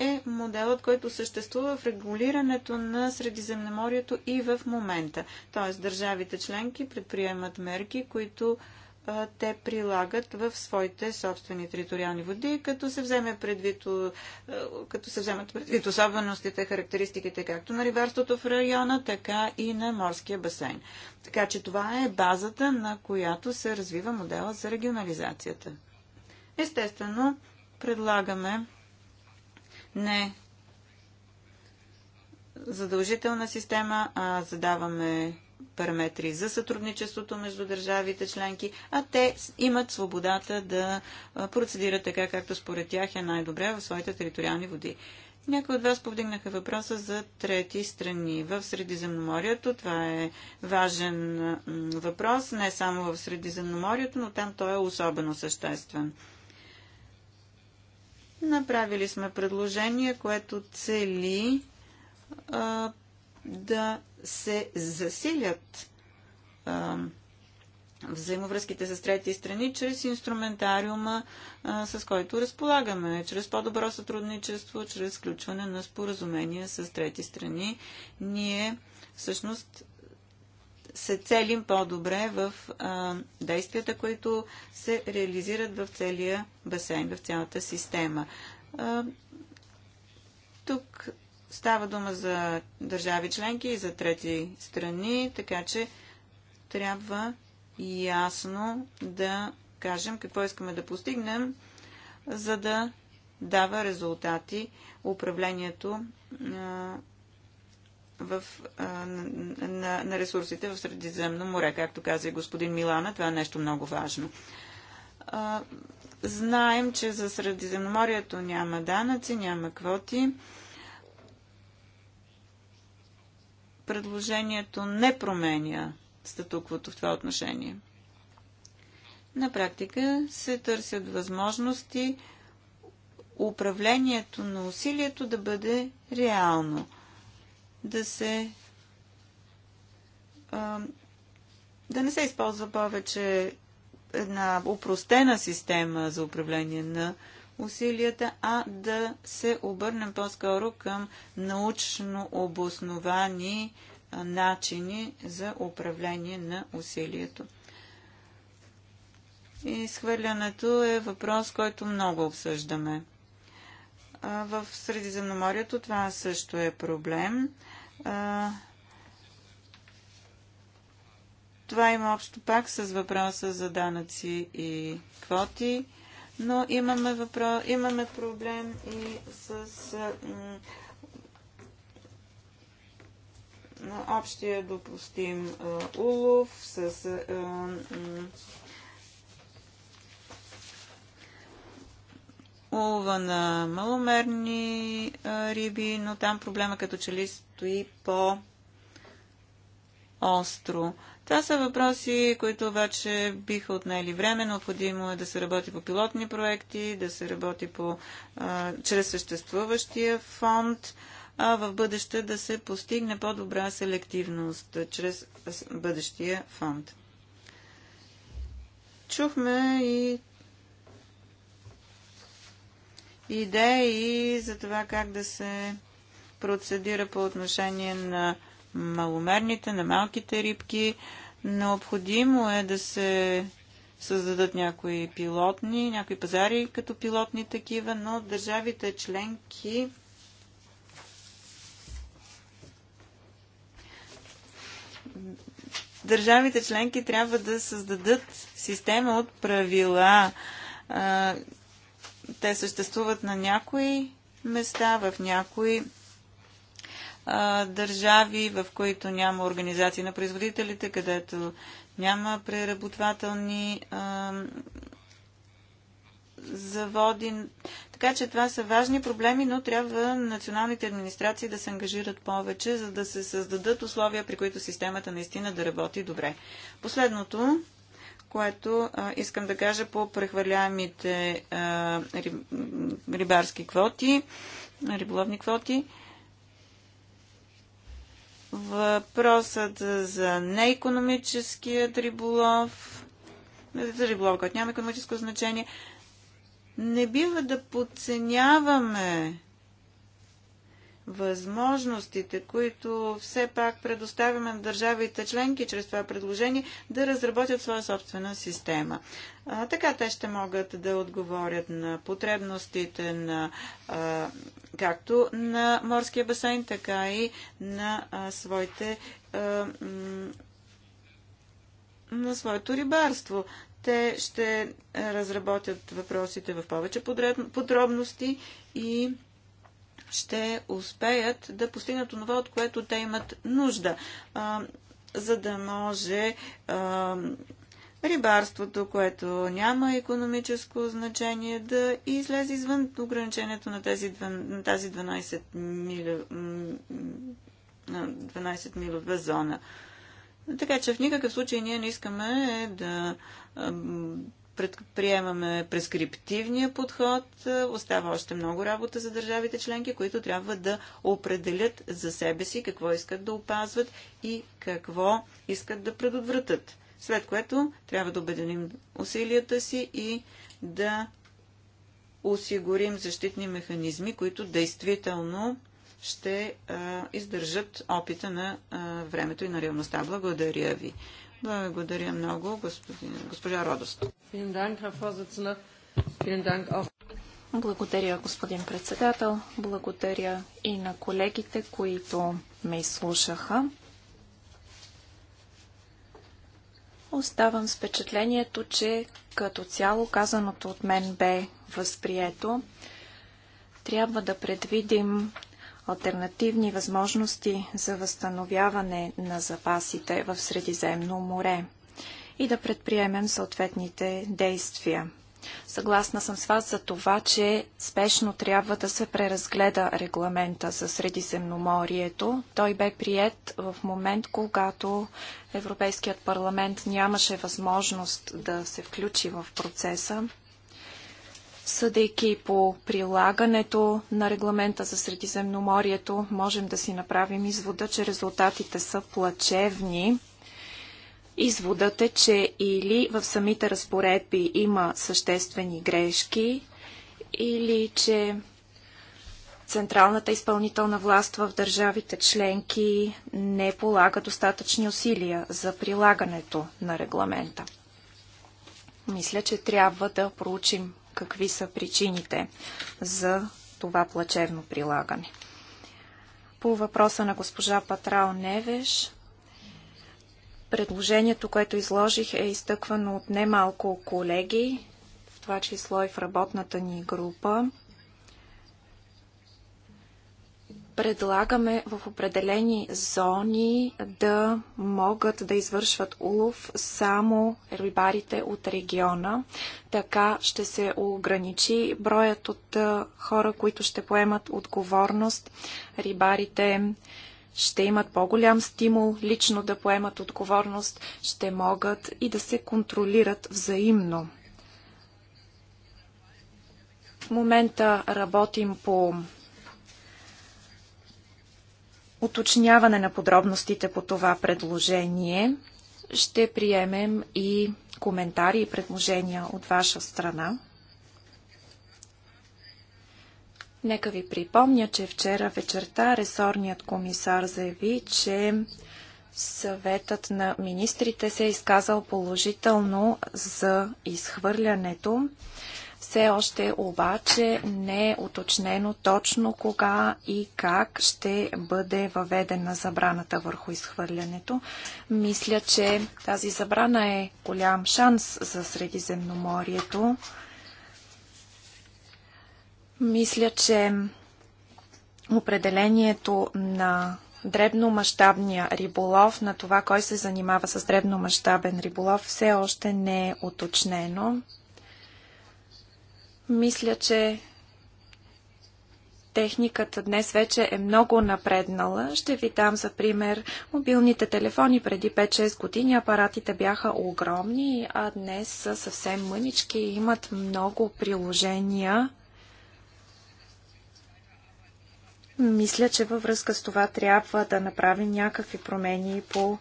е моделът, който съществува в регулирането на Средиземноморието и в момента. Тоест, държавите членки предприемат мерки, които а, те прилагат в своите собствени териториални води, като се, вземе предвид, като се вземат предвид особеностите, характеристиките както на рибарството в района, така и на морския басейн. Така че това е базата, на която се развива модела за регионализацията. Естествено, предлагаме не задължителна система, а задаваме параметри за сътрудничеството между държавите членки, а те имат свободата да процедират така, както според тях е най-добре в своите териториални води. Някои от вас повдигнаха въпроса за трети страни в Средиземноморието. Това е важен въпрос не само в Средиземноморието, но там той е особено съществен. Направили сме предложение, което цели а, да се засилят а, взаимовръзките с трети страни чрез инструментариума, а, с който разполагаме, чрез по-добро сътрудничество, чрез включване на споразумения с трети страни. Ние всъщност се целим по-добре в а, действията, които се реализират в целия басейн, в цялата система. А, тук става дума за държави членки и за трети страни, така че трябва ясно да кажем какво искаме да постигнем, за да дава резултати управлението а, в, а, на, на ресурсите в Средиземно море. Както каза и господин Милана, това е нещо много важно. А, знаем, че за Средиземноморието няма данъци, няма квоти. Предложението не променя статуквото в това отношение. На практика се търсят възможности управлението на усилието да бъде реално – да се да не се използва повече една упростена система за управление на усилията, а да се обърнем по-скоро към научно обосновани начини за управление на усилието. Изхвърлянето е въпрос, който много обсъждаме. В Средиземноморието това също е проблем това има общо пак с въпроса за данъци и квоти, но имаме, въпро... имаме проблем и с общия допустим улов, с улова на маломерни а, риби, но там проблема като че ли стои по остро. Това са въпроси, които обаче биха отнели време. Необходимо е да се работи по пилотни проекти, да се работи по, а, чрез съществуващия фонд, а в бъдеще да се постигне по-добра селективност чрез бъдещия фонд. Чухме и идеи за това как да се процедира по отношение на маломерните, на малките рибки. Необходимо е да се създадат някои пилотни, някои пазари като пилотни такива, но държавите членки държавите членки трябва да създадат система от правила, те съществуват на някои места, в някои а, държави, в които няма организации на производителите, където няма преработвателни а, заводи. Така че това са важни проблеми, но трябва националните администрации да се ангажират повече, за да се създадат условия, при които системата наистина да работи добре. Последното което а, искам да кажа по прехвърляемите а, риб, рибарски квоти, риболовни квоти. Въпросът за неекономическият риболов, за риболов, който няма економическо значение, не бива да подценяваме възможностите, които все пак предоставяме на държавите членки чрез това предложение, да разработят своя собствена система. А, така те ще могат да отговорят на потребностите на а, както на морския басейн, така и на а, своите а, на своето рибарство те ще разработят въпросите в повече подробности и ще успеят да постигнат това, от което те имат нужда, а, за да може а, рибарството, което няма економическо значение, да излезе извън ограничението на, тези, на тази 12 мили, 12 милова зона. Така че в никакъв случай ние не искаме е да предприемаме прескриптивния подход. Е, остава още много работа за държавите членки, които трябва да определят за себе си какво искат да опазват и какво искат да предотвратят. След което трябва да обединим усилията си и да осигурим защитни механизми, които действително ще а, е, издържат опита на а, е, времето и на реалността. Благодаря ви. Благодаря много, господин, госпожа Родост. Благодаря, господин председател. Благодаря и на колегите, които ме изслушаха. Оставам с впечатлението, че като цяло казаното от мен бе възприето. Трябва да предвидим альтернативни възможности за възстановяване на запасите в Средиземно море и да предприемем съответните действия. Съгласна съм с вас за това, че спешно трябва да се преразгледа регламента за Средиземноморието. Той бе прият в момент, когато Европейският парламент нямаше възможност да се включи в процеса. Съдейки по прилагането на регламента за Средиземноморието, можем да си направим извода, че резултатите са плачевни Изводът е, че или в самите разпоредби има съществени грешки, или че централната изпълнителна власт в държавите членки не полага достатъчни усилия за прилагането на регламента. Мисля, че трябва да проучим какви са причините за това плачевно прилагане. По въпроса на госпожа Патрал Невеш, Предложението, което изложих, е изтъквано от немалко колеги, в това число и в работната ни група. Предлагаме в определени зони да могат да извършват улов само рибарите от региона. Така ще се ограничи броят от хора, които ще поемат отговорност. Рибарите, ще имат по-голям стимул лично да поемат отговорност, ще могат и да се контролират взаимно. В момента работим по уточняване на подробностите по това предложение. Ще приемем и коментари и предложения от ваша страна. Нека ви припомня, че вчера вечерта ресорният комисар заяви, че съветът на министрите се е изказал положително за изхвърлянето. Все още обаче не е уточнено точно кога и как ще бъде въведена забраната върху изхвърлянето. Мисля, че тази забрана е голям шанс за Средиземноморието. Мисля, че определението на дребномащабния риболов, на това кой се занимава с дребномащабен риболов, все още не е уточнено. Мисля, че техниката днес вече е много напреднала. Ще ви дам за пример мобилните телефони преди 5-6 години. Апаратите бяха огромни, а днес са съвсем мънички и имат много приложения. Мисля, че във връзка с това трябва да направим някакви промени по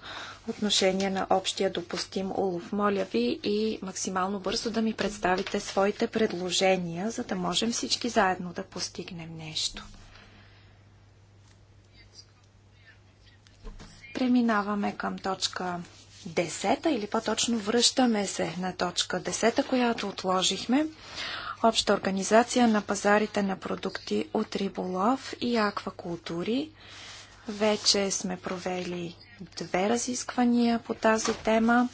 отношение на общия допустим улов. Моля ви и максимално бързо да ми представите своите предложения, за да можем всички заедно да постигнем нещо. Преминаваме към точка 10 или по-точно връщаме се на точка 10, която отложихме обща организация на пазарите на продукти от риболов и аквакултури. Вече сме провели две разисквания по тази тема.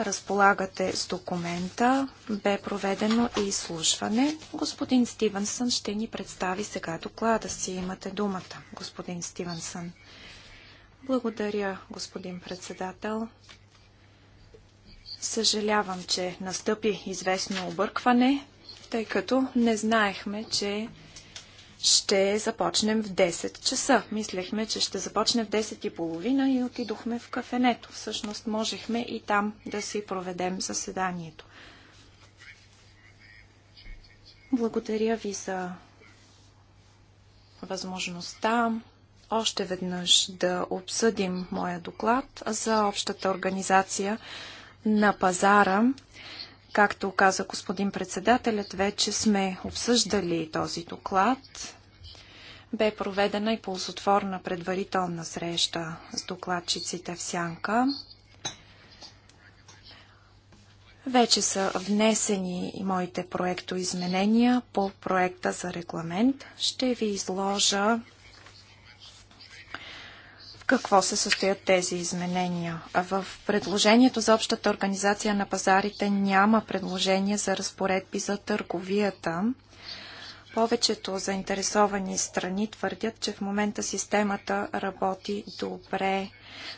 Разполагате с документа. Бе проведено и изслушване. Господин Стивенсън ще ни представи сега доклада си. Имате думата, господин Стивенсън. Благодаря, господин председател. Съжалявам, че настъпи известно объркване тъй като не знаехме, че ще започнем в 10 часа. Мислехме, че ще започне в 10 и половина и отидохме в кафенето. Всъщност можехме и там да си проведем заседанието. Благодаря ви за възможността още веднъж да обсъдим моя доклад за общата организация на пазара Както каза господин председателят, вече сме обсъждали този доклад. Бе проведена и ползотворна предварителна среща с докладчиците в Сянка. Вече са внесени и моите проекто изменения по проекта за регламент. Ще ви изложа какво се състоят тези изменения? В предложението за общата организация на пазарите няма предложение за разпоредби за търговията. Повечето заинтересовани страни твърдят, че в момента системата работи добре.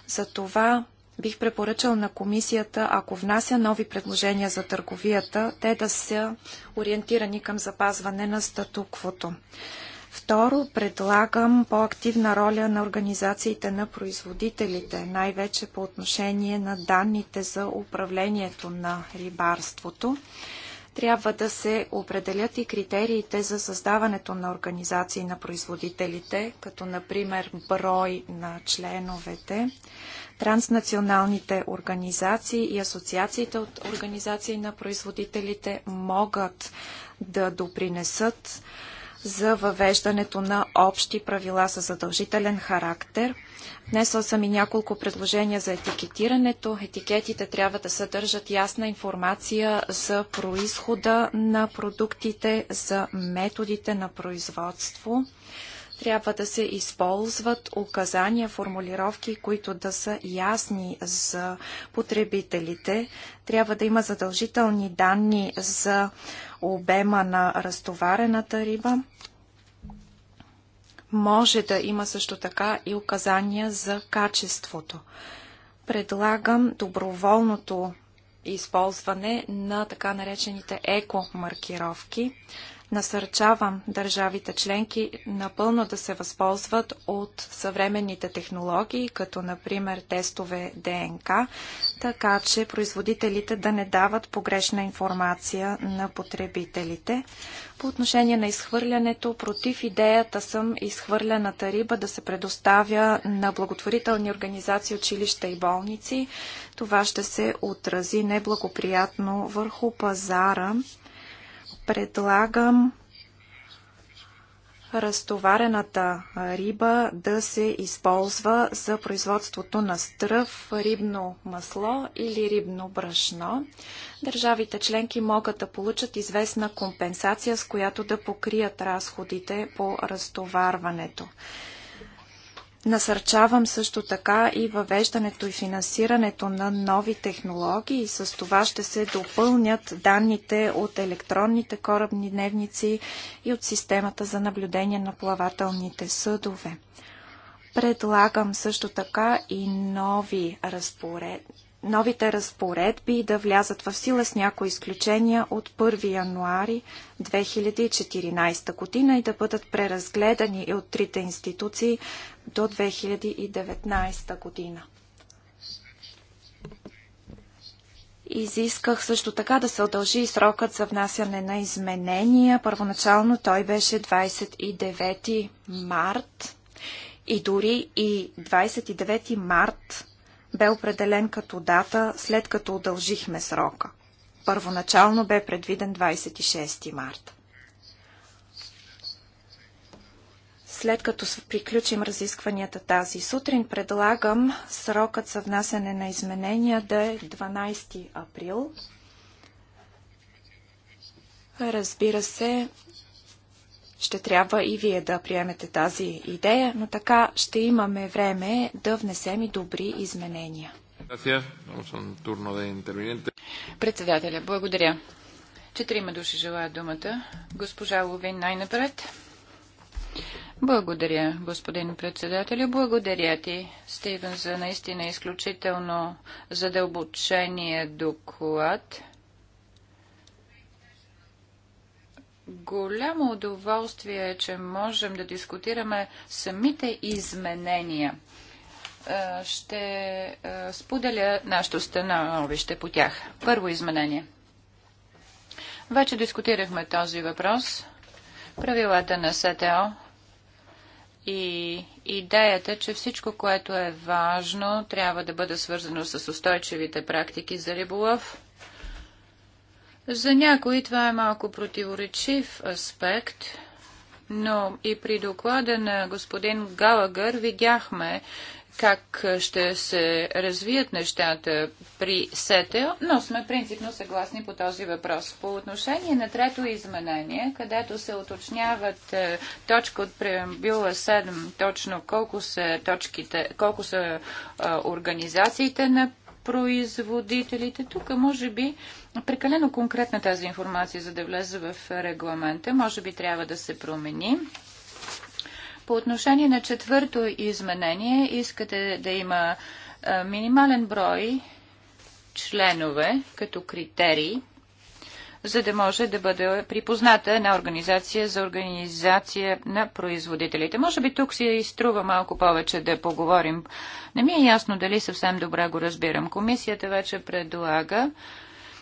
Затова бих препоръчал на комисията, ако внася нови предложения за търговията, те да са ориентирани към запазване на статуквото. Второ, предлагам по-активна роля на организациите на производителите, най-вече по отношение на данните за управлението на рибарството. Трябва да се определят и критериите за създаването на организации на производителите, като например брой на членовете, транснационалните организации и асоциациите от организации на производителите могат да допринесат за въвеждането на общи правила с задължителен характер. Внесъл съм и няколко предложения за етикетирането. Етикетите трябва да съдържат ясна информация за происхода на продуктите, за методите на производство трябва да се използват указания, формулировки, които да са ясни за потребителите. Трябва да има задължителни данни за обема на разтоварената риба. Може да има също така и указания за качеството. Предлагам доброволното използване на така наречените еко-маркировки. Насърчавам държавите членки напълно да се възползват от съвременните технологии, като например тестове ДНК, така че производителите да не дават погрешна информация на потребителите. По отношение на изхвърлянето, против идеята съм изхвърляната риба да се предоставя на благотворителни организации, училища и болници. Това ще се отрази неблагоприятно върху пазара Предлагам разтоварената риба да се използва за производството на стръв, рибно масло или рибно брашно. Държавите членки могат да получат известна компенсация, с която да покрият разходите по разтоварването. Насърчавам също така и въвеждането и финансирането на нови технологии. С това ще се допълнят данните от електронните корабни дневници и от системата за наблюдение на плавателните съдове. Предлагам също така и нови разпоред новите разпоредби да влязат в сила с някои изключения от 1 януари 2014 година и да бъдат преразгледани и от трите институции до 2019 година. Изисках също така да се удължи и срокът за внасяне на изменения. Първоначално той беше 29 март и дори и 29 март бе определен като дата, след като удължихме срока. Първоначално бе предвиден 26 марта. След като приключим разискванията тази сутрин, предлагам срокът за внасяне на изменения да е 12 април. Разбира се, ще трябва и вие да приемете тази идея, но така ще имаме време да внесем и добри изменения. Председателя, благодаря. Четирима души желая думата. Госпожа Ловин най-напред. Благодаря, господин председател. Благодаря ти, Стивен, за наистина изключително задълбочения доклад. Голямо удоволствие е, че можем да дискутираме самите изменения. Е, ще е, споделя нашето становище по тях. Първо изменение. Вече дискутирахме този въпрос. Правилата на СТО и идеята, че всичко, което е важно, трябва да бъде свързано с устойчивите практики за риболов за някои това е малко противоречив аспект, но и при доклада на господин Галагър видяхме как ще се развият нещата при СЕТЕ, но сме принципно съгласни по този въпрос. По отношение на трето изменение, където се уточняват е, точка от преамбюла 7, точно колко са, точките, колко са а, е, организациите на производителите, тук може би Прекалено конкретна тази информация, за да влезе в регламента, може би трябва да се промени. По отношение на четвърто изменение, искате да има минимален брой членове като критерии, за да може да бъде припозната една организация за организация на производителите. Може би тук си изтрува малко повече да поговорим. Не ми е ясно дали съвсем добре го разбирам. Комисията вече предлага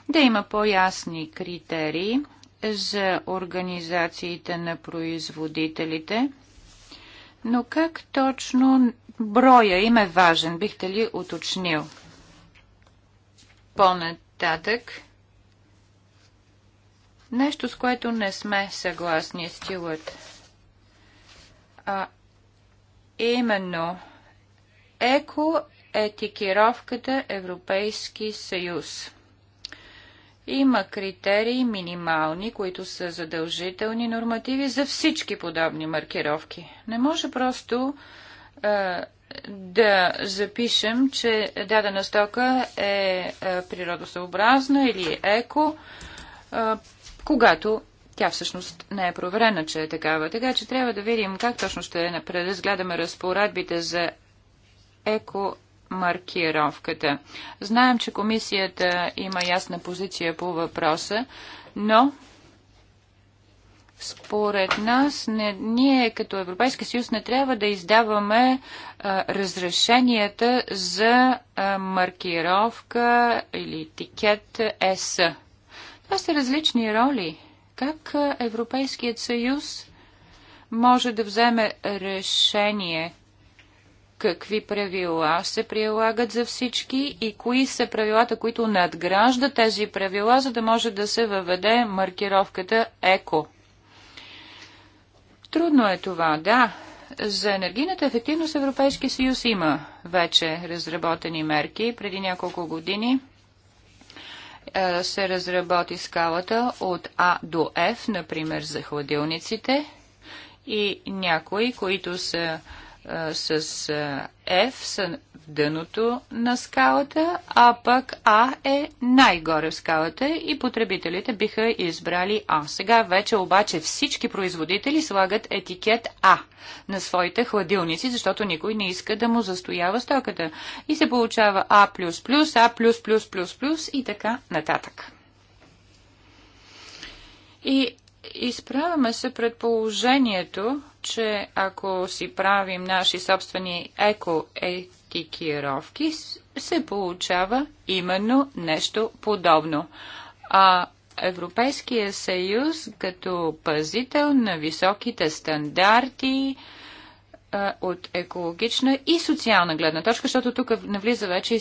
да има по-ясни критерии за организациите на производителите. Но как точно броя им е важен, бихте ли уточнил? По-нататък. Нещо, с което не сме съгласни, Стилът. А именно еко етикировката Европейски съюз. Има критерии минимални, които са задължителни нормативи за всички подобни маркировки. Не може просто е, да запишем, че дадена стока е, е природосъобразна или е еко, е, когато тя всъщност не е проверена, че е такава. Така че трябва да видим как точно ще преразгледаме разпоредбите за еко маркировката. Знаем, че комисията има ясна позиция по въпроса, но според нас, не, ние като Европейски съюз не трябва да издаваме а, разрешенията за а, маркировка или етикет ЕС. Това са различни роли. Как Европейският съюз може да вземе решение какви правила се прилагат за всички и кои са правилата, които надграждат тези правила, за да може да се въведе маркировката ЕКО. Трудно е това, да. За енергийната ефективност Европейски съюз има вече разработени мерки. Преди няколко години е, се разработи скалата от А до Ф, например за хладилниците и някои, които са с F са в дъното на скалата, а пък А е най-горе в скалата и потребителите биха избрали А. Сега вече обаче всички производители слагат етикет А на своите хладилници, защото никой не иска да му застоява стоката. И се получава А++, А+++++ и така нататък. И изправяме се предположението, че ако си правим наши собствени еко-етикировки, се получава именно нещо подобно. А Европейския съюз като пазител на високите стандарти от екологична и социална гледна точка, защото тук навлиза вече и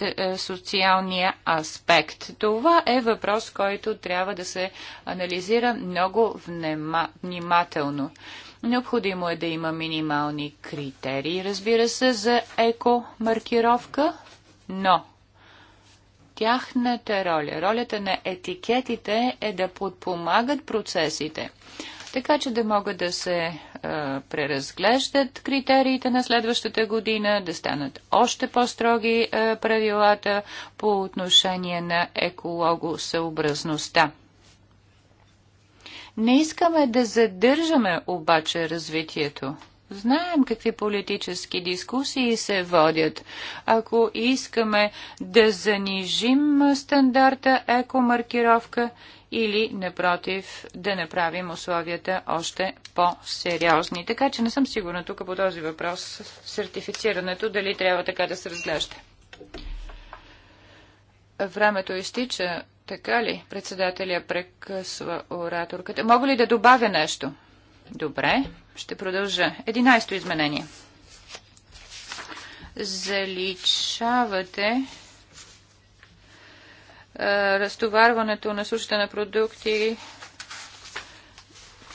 е, социалния, аспект. Това е въпрос, който трябва да се анализира много внема, внимателно. Необходимо е да има минимални критерии, разбира се, за екомаркировка, но тяхната роля, ролята на етикетите е да подпомагат процесите, така че да могат да се е, преразглеждат критериите на следващата година, да станат още по-строги е, правилата по отношение на екологосъобразността. Не искаме да задържаме обаче развитието. Знаем какви политически дискусии се водят. Ако искаме да занижим стандарта екомаркировка или, напротив, да направим условията още по-сериозни. Така че не съм сигурна тук по този въпрос сертифицирането дали трябва така да се разглежда. Времето изтича, така ли? Председателя прекъсва ораторката. Мога ли да добавя нещо? Добре, ще продължа. Единайсто изменение. Заличавате а, разтоварването на сушите на продукти,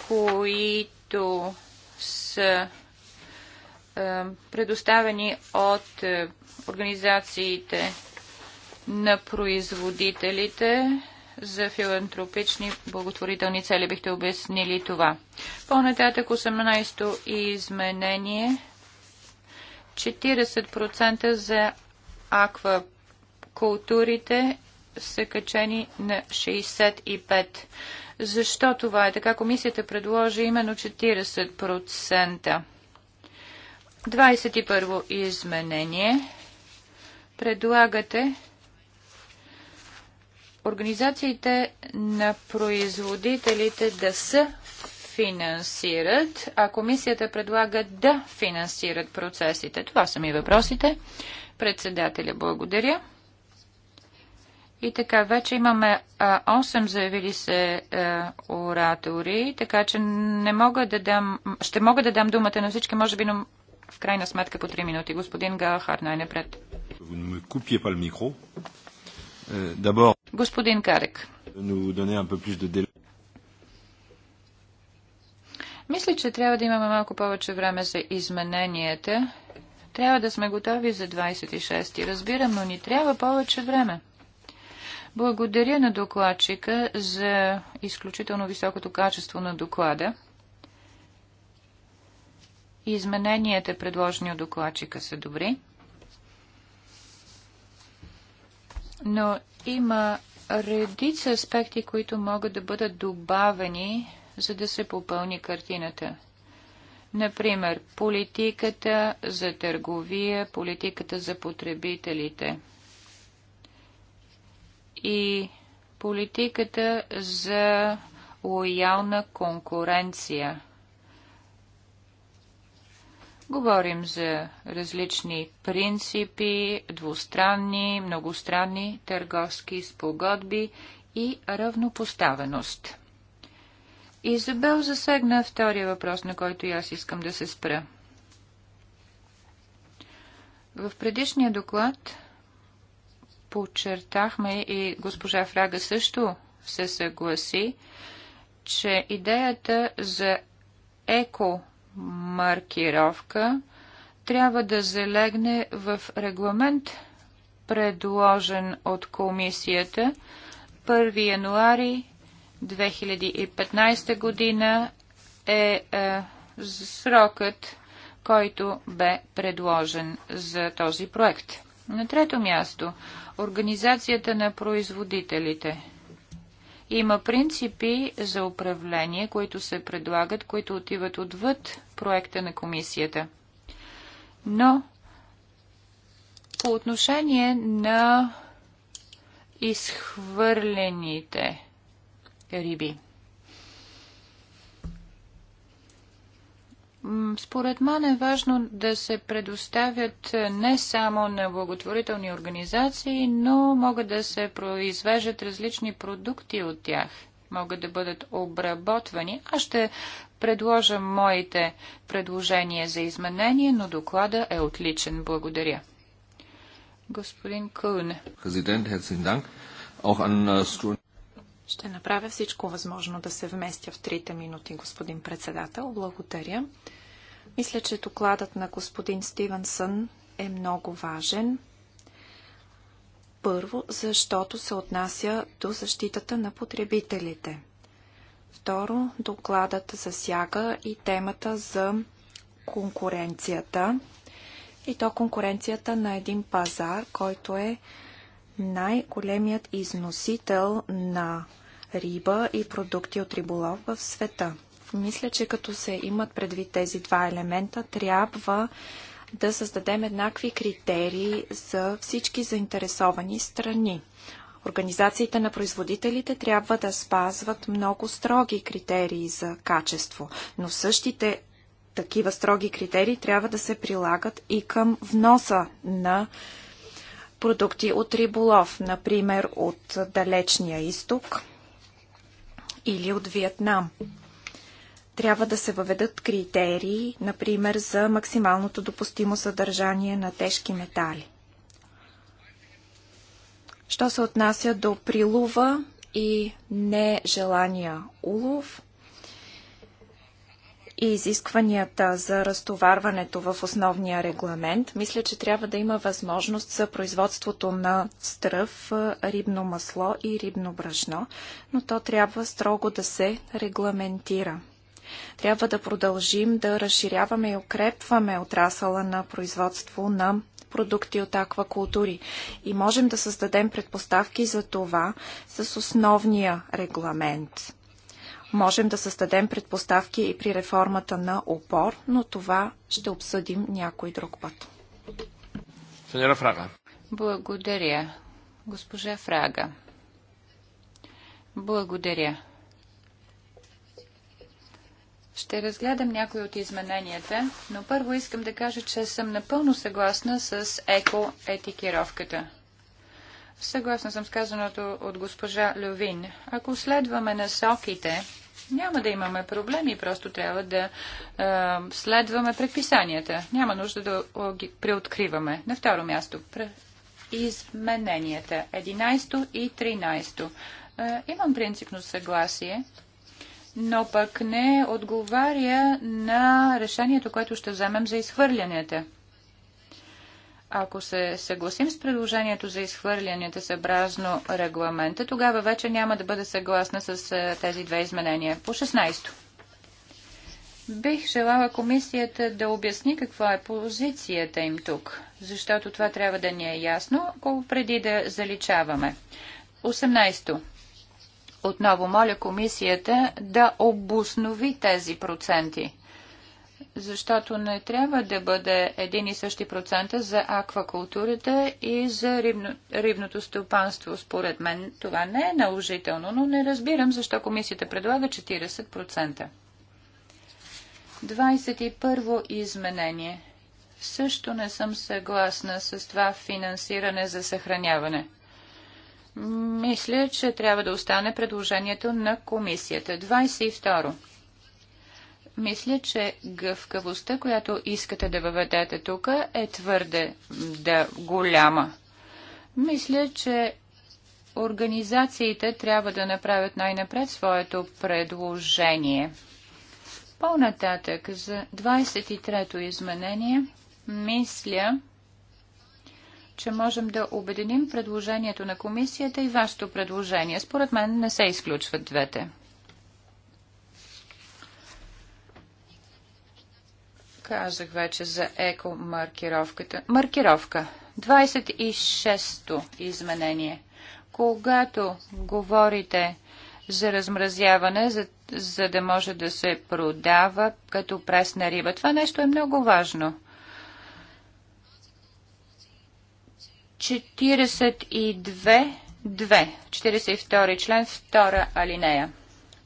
които са а, предоставени от а, организациите на производителите за филантропични благотворителни цели. Бихте обяснили това. По-нататък 18-то изменение 40% за аквакултурите са качени на 65%. Защо това е така? Комисията предложи именно 40%. 21 изменение. Предлагате организациите на производителите да се финансират, а комисията предлага да финансират процесите. Това са ми въпросите. Председателя, благодаря. И така, вече имаме 8 заявили се е, оратори, така че не мога да дам, ще мога да дам думата на всички, може би, но в крайна сметка по 3 минути. Господин Галахар, най-напред. Вы не ме купите пал микро. D'abord, Господин Карек. Мисля, че трябва да имаме малко повече време за измененията. Трябва да сме готови за 26-ти. Разбирам, но ни трябва повече време. Благодаря на докладчика за изключително високото качество на доклада. Измененията, предложени от докладчика, са добри. но има редица аспекти, които могат да бъдат добавени, за да се попълни картината. Например, политиката за търговия, политиката за потребителите и политиката за лоялна конкуренция. Говорим за различни принципи, двустранни, многостранни търговски спогодби и равнопоставеност. Изабел засегна втория въпрос, на който и аз искам да се спра. В предишния доклад подчертахме и госпожа Фрага също се съгласи, че идеята за еко маркировка трябва да залегне в регламент, предложен от комисията 1 януари 2015 година е, е срокът, който бе предложен за този проект. На трето място, Организацията на производителите – има принципи за управление, които се предлагат, които отиват отвъд проекта на комисията. Но по отношение на изхвърлените риби. Според мен е важно да се предоставят е, не само на благотворителни организации, но могат да се произвеждат различни продукти от тях. Могат да бъдат обработвани. Аз ще предложа моите предложения за изменение, но доклада е отличен. Благодаря. Господин Кълне. Президент, Dank. Auch an ще направя всичко възможно да се вместя в трите минути, господин председател. Благодаря. Мисля, че докладът на господин Стивенсън е много важен. Първо, защото се отнася до защитата на потребителите. Второ, докладът засяга и темата за конкуренцията. И то конкуренцията на един пазар, който е най-големият износител на риба и продукти от риболов в света. Мисля, че като се имат предвид тези два елемента, трябва да създадем еднакви критерии за всички заинтересовани страни. Организациите на производителите трябва да спазват много строги критерии за качество, но същите такива строги критерии трябва да се прилагат и към вноса на продукти от риболов, например от Далечния изток или от Виетнам. Трябва да се въведат критерии, например за максималното допустимо съдържание на тежки метали. Що се отнася до прилува и нежелания улов – и изискванията за разтоварването в основния регламент, мисля, че трябва да има възможност за производството на стръв, рибно масло и рибно брашно, но то трябва строго да се регламентира. Трябва да продължим да разширяваме и укрепваме отрасъла на производство на продукти от аквакултури. И можем да създадем предпоставки за това с основния регламент. Можем да създадем предпоставки и при реформата на опор, но това ще обсъдим някой друг път. Сеньора Фрага. Благодаря. Госпожа Фрага. Благодаря. Ще разгледам някои от измененията, но първо искам да кажа, че съм напълно съгласна с еко-етикировката. Съгласна съм с казаното от госпожа Лювин. Ако следваме насоките няма да имаме проблеми, просто трябва да а, следваме предписанията. Няма нужда да ги преоткриваме. На второ място, измененията 11 и 13. А, имам принципно съгласие но пък не отговаря на решението, което ще вземем за изхвърлянията. Ако се съгласим с предложението за изхвърлянето съобразно регламента, тогава вече няма да бъде съгласна с тези две изменения. По 16-то. Бих желала комисията да обясни каква е позицията им тук, защото това трябва да ни е ясно, преди да заличаваме. 18-то. Отново моля комисията да обоснови тези проценти защото не трябва да бъде един и същи процента за аквакултурата и за рибно, рибното стопанство. Според мен това не е наложително, но не разбирам защо комисията предлага 40%. 21 изменение. Също не съм съгласна с това финансиране за съхраняване. Мисля, че трябва да остане предложението на комисията. 22. Мисля, че гъвкавостта, която искате да въведете тук, е твърде да, голяма. Мисля, че организациите трябва да направят най-напред своето предложение. По-нататък, за 23-то изменение, мисля, че можем да обединим предложението на комисията и вашето предложение. Според мен не се изключват двете. Казах вече за екомаркировката. Маркировка. 26-то изменение. Когато говорите за размразяване, за, за да може да се продава като пресна риба, това нещо е много важно. 42, 2, 42 член, 2 алинея.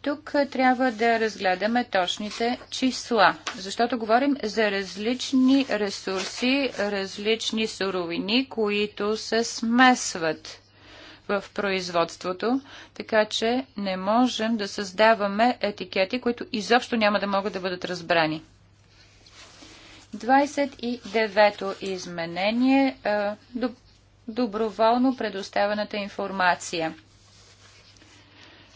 Тук трябва да разгледаме точните числа, защото говорим за различни ресурси, различни суровини, които се смесват в производството, така че не можем да създаваме етикети, които изобщо няма да могат да бъдат разбрани. 29-то изменение доброволно предоставената информация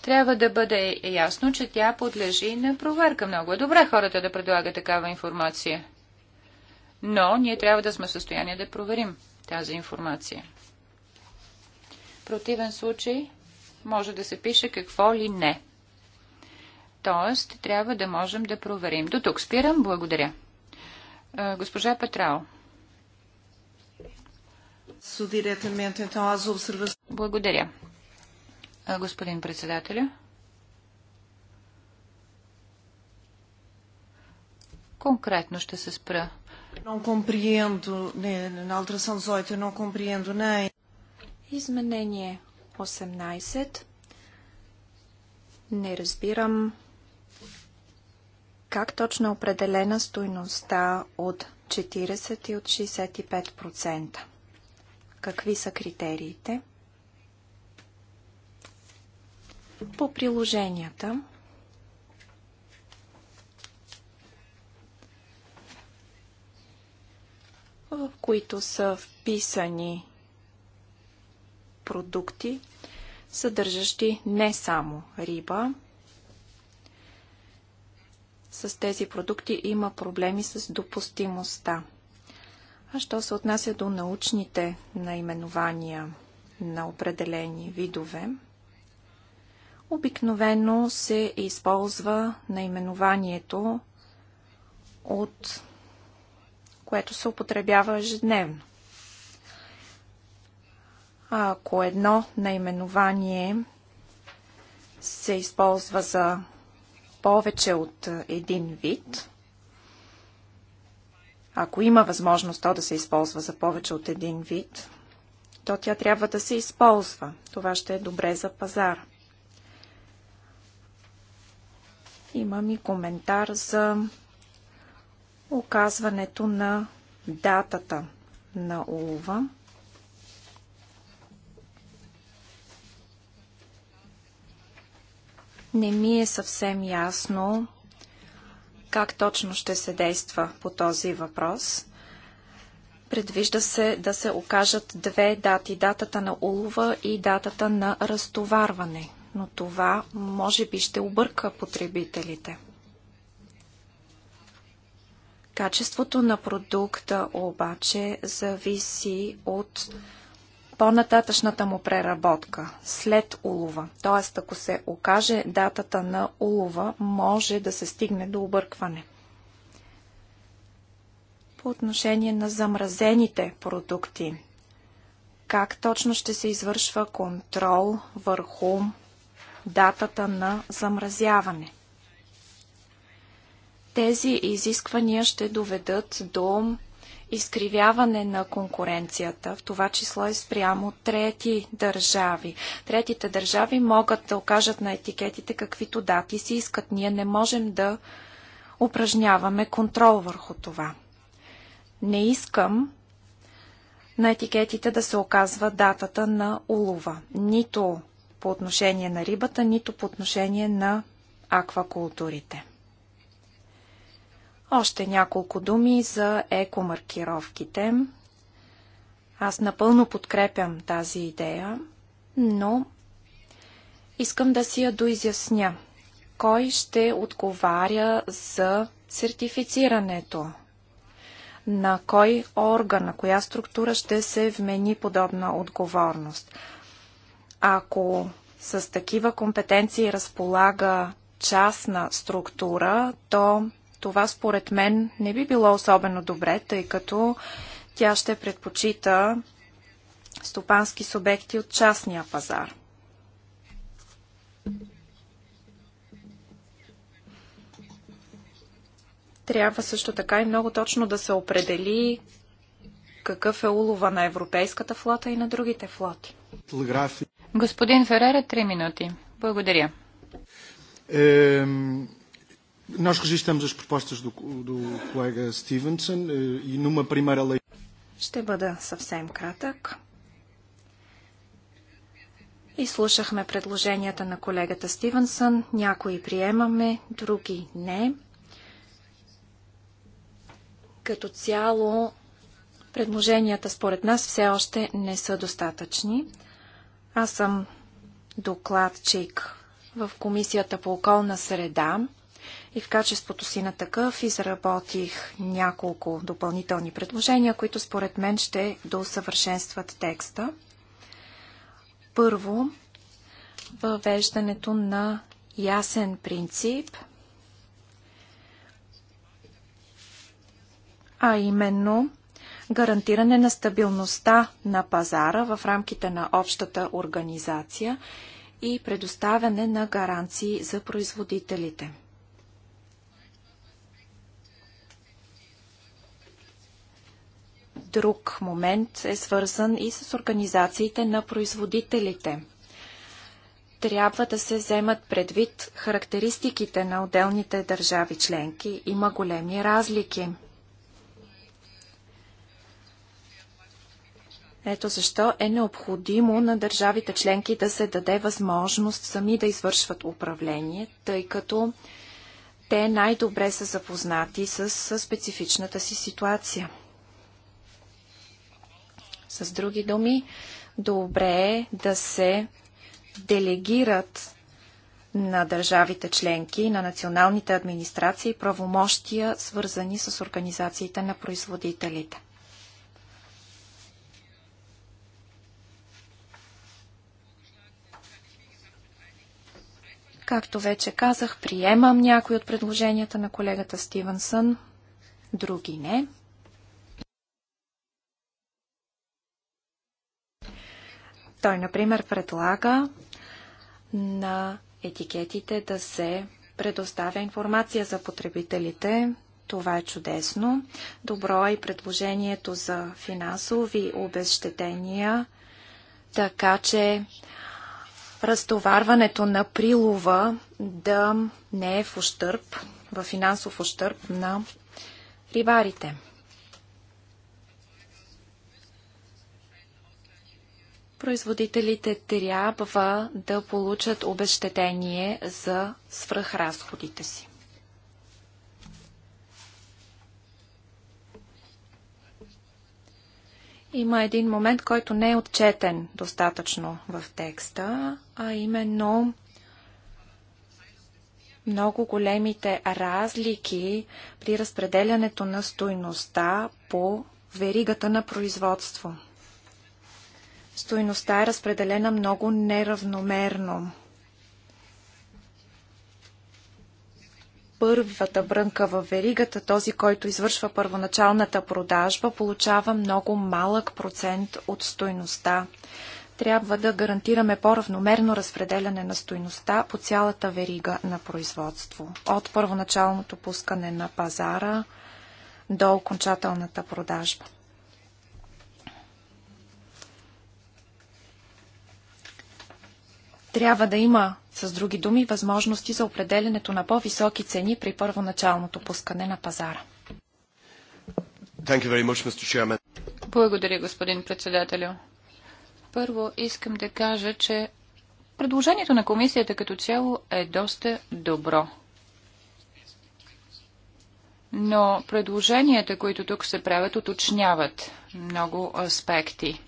трябва да бъде ясно, че тя подлежи на проверка. Много е добре хората да предлагат такава информация. Но ние трябва да сме в състояние да проверим тази информация. В противен случай може да се пише какво ли не. Тоест, трябва да можем да проверим. До тук спирам. Благодаря. Госпожа Петрао. Благодаря господин председателя. Конкретно ще се спра. Não compreendo, не, на alteração 18, não compreendo nem. Изменение 18. Не разбирам как точно определена стойността от 40 и от 65%. Какви са критериите? По приложенията в които са вписани продукти, съдържащи не само риба. С тези продукти има проблеми с допустимостта. А що се отнася до научните наименования на определени видове, обикновено се използва наименованието, от което се употребява ежедневно. А ако едно наименование се използва за повече от един вид, ако има възможност то да се използва за повече от един вид, то тя трябва да се използва. Това ще е добре за пазара. Имам и коментар за оказването на датата на улова. Не ми е съвсем ясно как точно ще се действа по този въпрос. Предвижда се да се окажат две дати – датата на улова и датата на разтоварване но това може би ще обърка потребителите. Качеството на продукта обаче зависи от по-нататъчната му преработка след улова. Т.е. ако се окаже датата на улова, може да се стигне до объркване. По отношение на замразените продукти, как точно ще се извършва контрол върху датата на замразяване. Тези изисквания ще доведат до изкривяване на конкуренцията, в това число и е спрямо трети държави. Третите държави могат да окажат на етикетите каквито дати си искат. Ние не можем да упражняваме контрол върху това. Не искам на етикетите да се оказва датата на улова. Нито по отношение на рибата, нито по отношение на аквакултурите. Още няколко думи за екомаркировките. Аз напълно подкрепям тази идея, но искам да си я доизясня. Кой ще отговаря за сертифицирането? На кой орган, на коя структура ще се вмени подобна отговорност? Ако с такива компетенции разполага частна структура, то това според мен не би било особено добре, тъй като тя ще предпочита стопански субекти от частния пазар. Трябва също така и много точно да се определи какъв е улова на европейската флота и на другите флоти. Телеграфи. Господин Ферера, три минути. Благодаря. Е, nós registramos as propostas do, do colega Stevenson e numa primeira lei... Ще бъда съвсем кратък. Изслушахме предложенията на колегата Стивенсън. Някои приемаме, други не. Като цяло, предложенията според нас все още не са достатъчни. Аз съм докладчик в Комисията по околна среда и в качеството си на такъв изработих няколко допълнителни предложения, които според мен ще доусъвършенстват текста. Първо, въвеждането на ясен принцип, а именно – гарантиране на стабилността на пазара в рамките на общата организация и предоставяне на гаранции за производителите. Друг момент е свързан и с организациите на производителите трябва да се вземат предвид характеристиките на отделните държави членки. Има големи разлики. Ето защо е необходимо на държавите членки да се даде възможност сами да извършват управление, тъй като те най-добре са запознати с специфичната си ситуация. С други думи, добре е да се делегират на държавите членки, на националните администрации правомощия, свързани с организациите на производителите. Както вече казах, приемам някои от предложенията на колегата Стивенсън, други не. Той, например, предлага на етикетите да се предоставя информация за потребителите. Това е чудесно. Добро е и предложението за финансови обезщетения, така че разтоварването на прилова да не е в ущърп, в финансов ущърп на рибарите. Производителите трябва да получат обещетение за свръхразходите си. Има един момент, който не е отчетен достатъчно в текста, а именно много големите разлики при разпределянето на стойността по веригата на производство. Стойността е разпределена много неравномерно. първата брънка в веригата, този, който извършва първоначалната продажба, получава много малък процент от стойността. Трябва да гарантираме по-равномерно разпределяне на стойността по цялата верига на производство. От първоначалното пускане на пазара до окончателната продажба. Трябва да има с други думи, възможности за определенето на по-високи цени при първоначалното пускане на пазара. Благодаря, господин председателю. Първо искам да кажа, че предложението на комисията като цяло е доста добро. Но предложенията, които тук се правят, уточняват много аспекти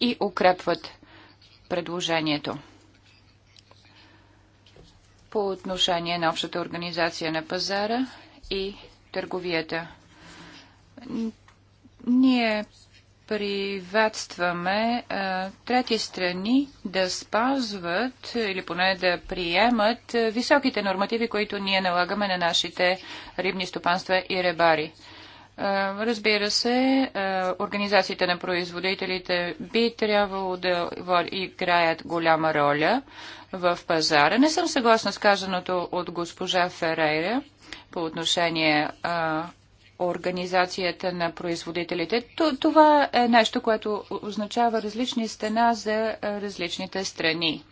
и укрепват предложението по отношение на общата организация на пазара и търговията. Ние приветстваме а, трети страни да спазват или поне да приемат високите нормативи, които ние налагаме на нашите рибни стопанства и ребари. Е, разбира се, е, организациите на производителите би трябвало да играят голяма роля в пазара. Не съм съгласна с казаното от госпожа Ферейра по отношение е, организацията на производителите. Това е нещо, което означава различни стена за различните страни.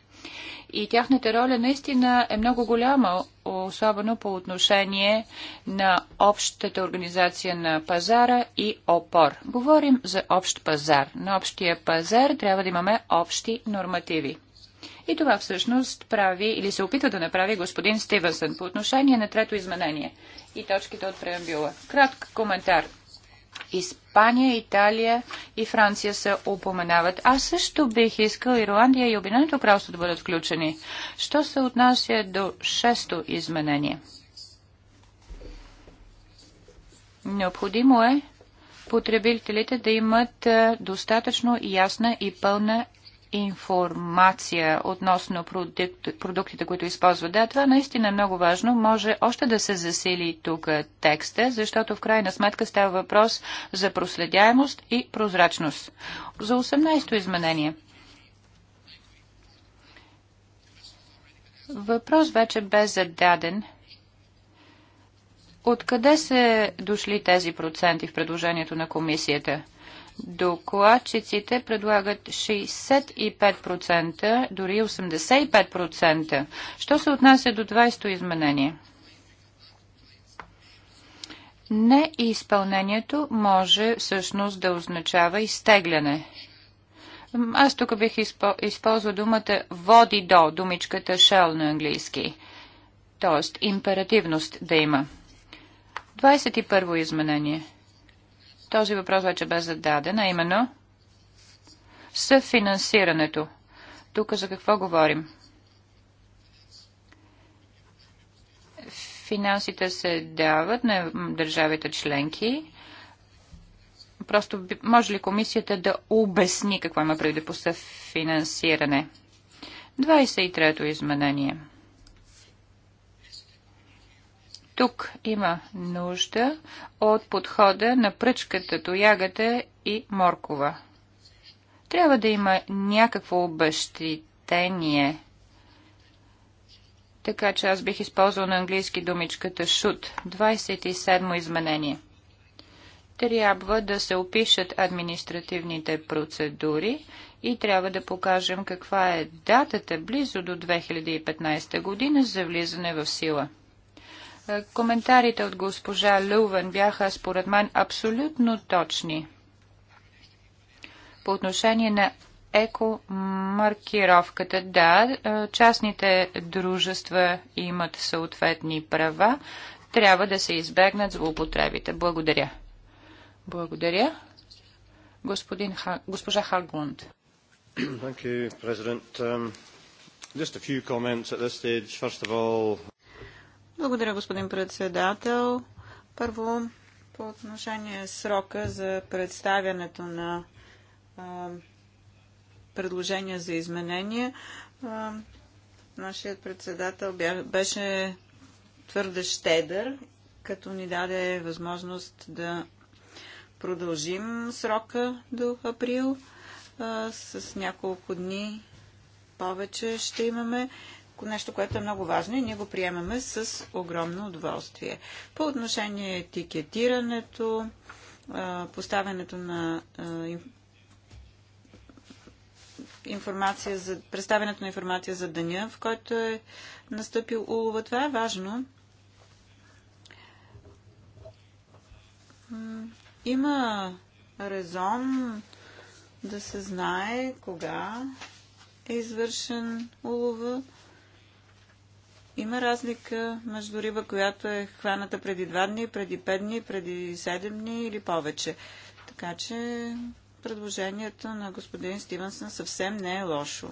И тяхната роля наистина е много голяма, особено по отношение на общата организация на пазара и опор. Говорим за общ пазар. На общия пазар трябва да имаме общи нормативи. И това всъщност прави или се опитва да направи господин Стивенсън по отношение на трето изменение и точките от преамбюла. Кратък коментар – Испания, Италия и Франция се упоменават. Аз също бих искал Ирландия и Обединеното кралство да бъдат включени. Що се отнася до шесто изменение? Необходимо е потребителите да имат е, достатъчно ясна и пълна информация относно продукт, продуктите, които използват. Да, това наистина е много важно. Може още да се засили тук текста, защото в крайна сметка става въпрос за проследяемост и прозрачност. За 18-то изменение. Въпрос вече бе зададен. Откъде се дошли тези проценти в предложението на комисията? Докладчиците предлагат 65%, дори 85%. Що се отнася до 20-то изменение? Неизпълнението може всъщност да означава изтегляне. Аз тук бих използвал думата води до, думичката shall на английски. Тоест императивност да има. 21 во изменение – този въпрос вече бе зададен, а именно съфинансирането. Тук за какво говорим? Финансите се дават на държавите членки. Просто може ли комисията да обясни какво има преди по съфинансиране? 23-то изменение – тук има нужда от подхода на пръчката, тоягата и моркова. Трябва да има някакво обещитение. Така че аз бих използвал на английски думичката Шут 27 изменение. Трябва да се опишат административните процедури и трябва да покажем каква е датата близо до 2015 година за влизане в сила. Е, коментарите от госпожа Лювен бяха, според мен, абсолютно точни. По отношение на екомаркировката, да, е, частните дружества имат съответни права. Трябва да се избегнат злоупотребите. Благодаря. Благодаря. Господин Ха... Госпожа Харгунд. Thank you, President. Um, just a few comments at this stage. First of all... Благодаря, господин председател. Първо, по отношение срока за представянето на а, предложения за изменение, а, нашият председател бя, беше твърде щедър, като ни даде възможност да продължим срока до април. А, с няколко дни повече ще имаме нещо, което е много важно и ние го приемаме с огромно удоволствие. По отношение етикетирането, поставянето на информация за, представянето на информация за деня, в който е настъпил улова. Това е важно. Има резон да се знае кога е извършен улова. Има разлика между риба, която е хваната преди 2 дни, преди пет дни, преди седем дни или повече. Така че предложението на господин Стивенсън съвсем не е лошо.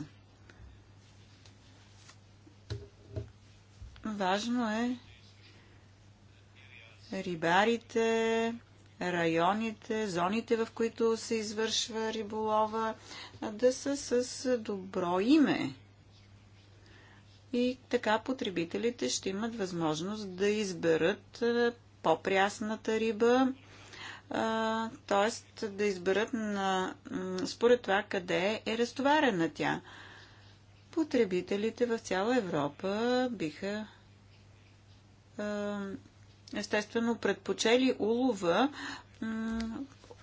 Важно е рибарите, районите, зоните, в които се извършва риболова, да са с добро име и така потребителите ще имат възможност да изберат по-прясната риба, т.е. да изберат на, според това къде е разтоварена тя. Потребителите в цяла Европа биха естествено предпочели улова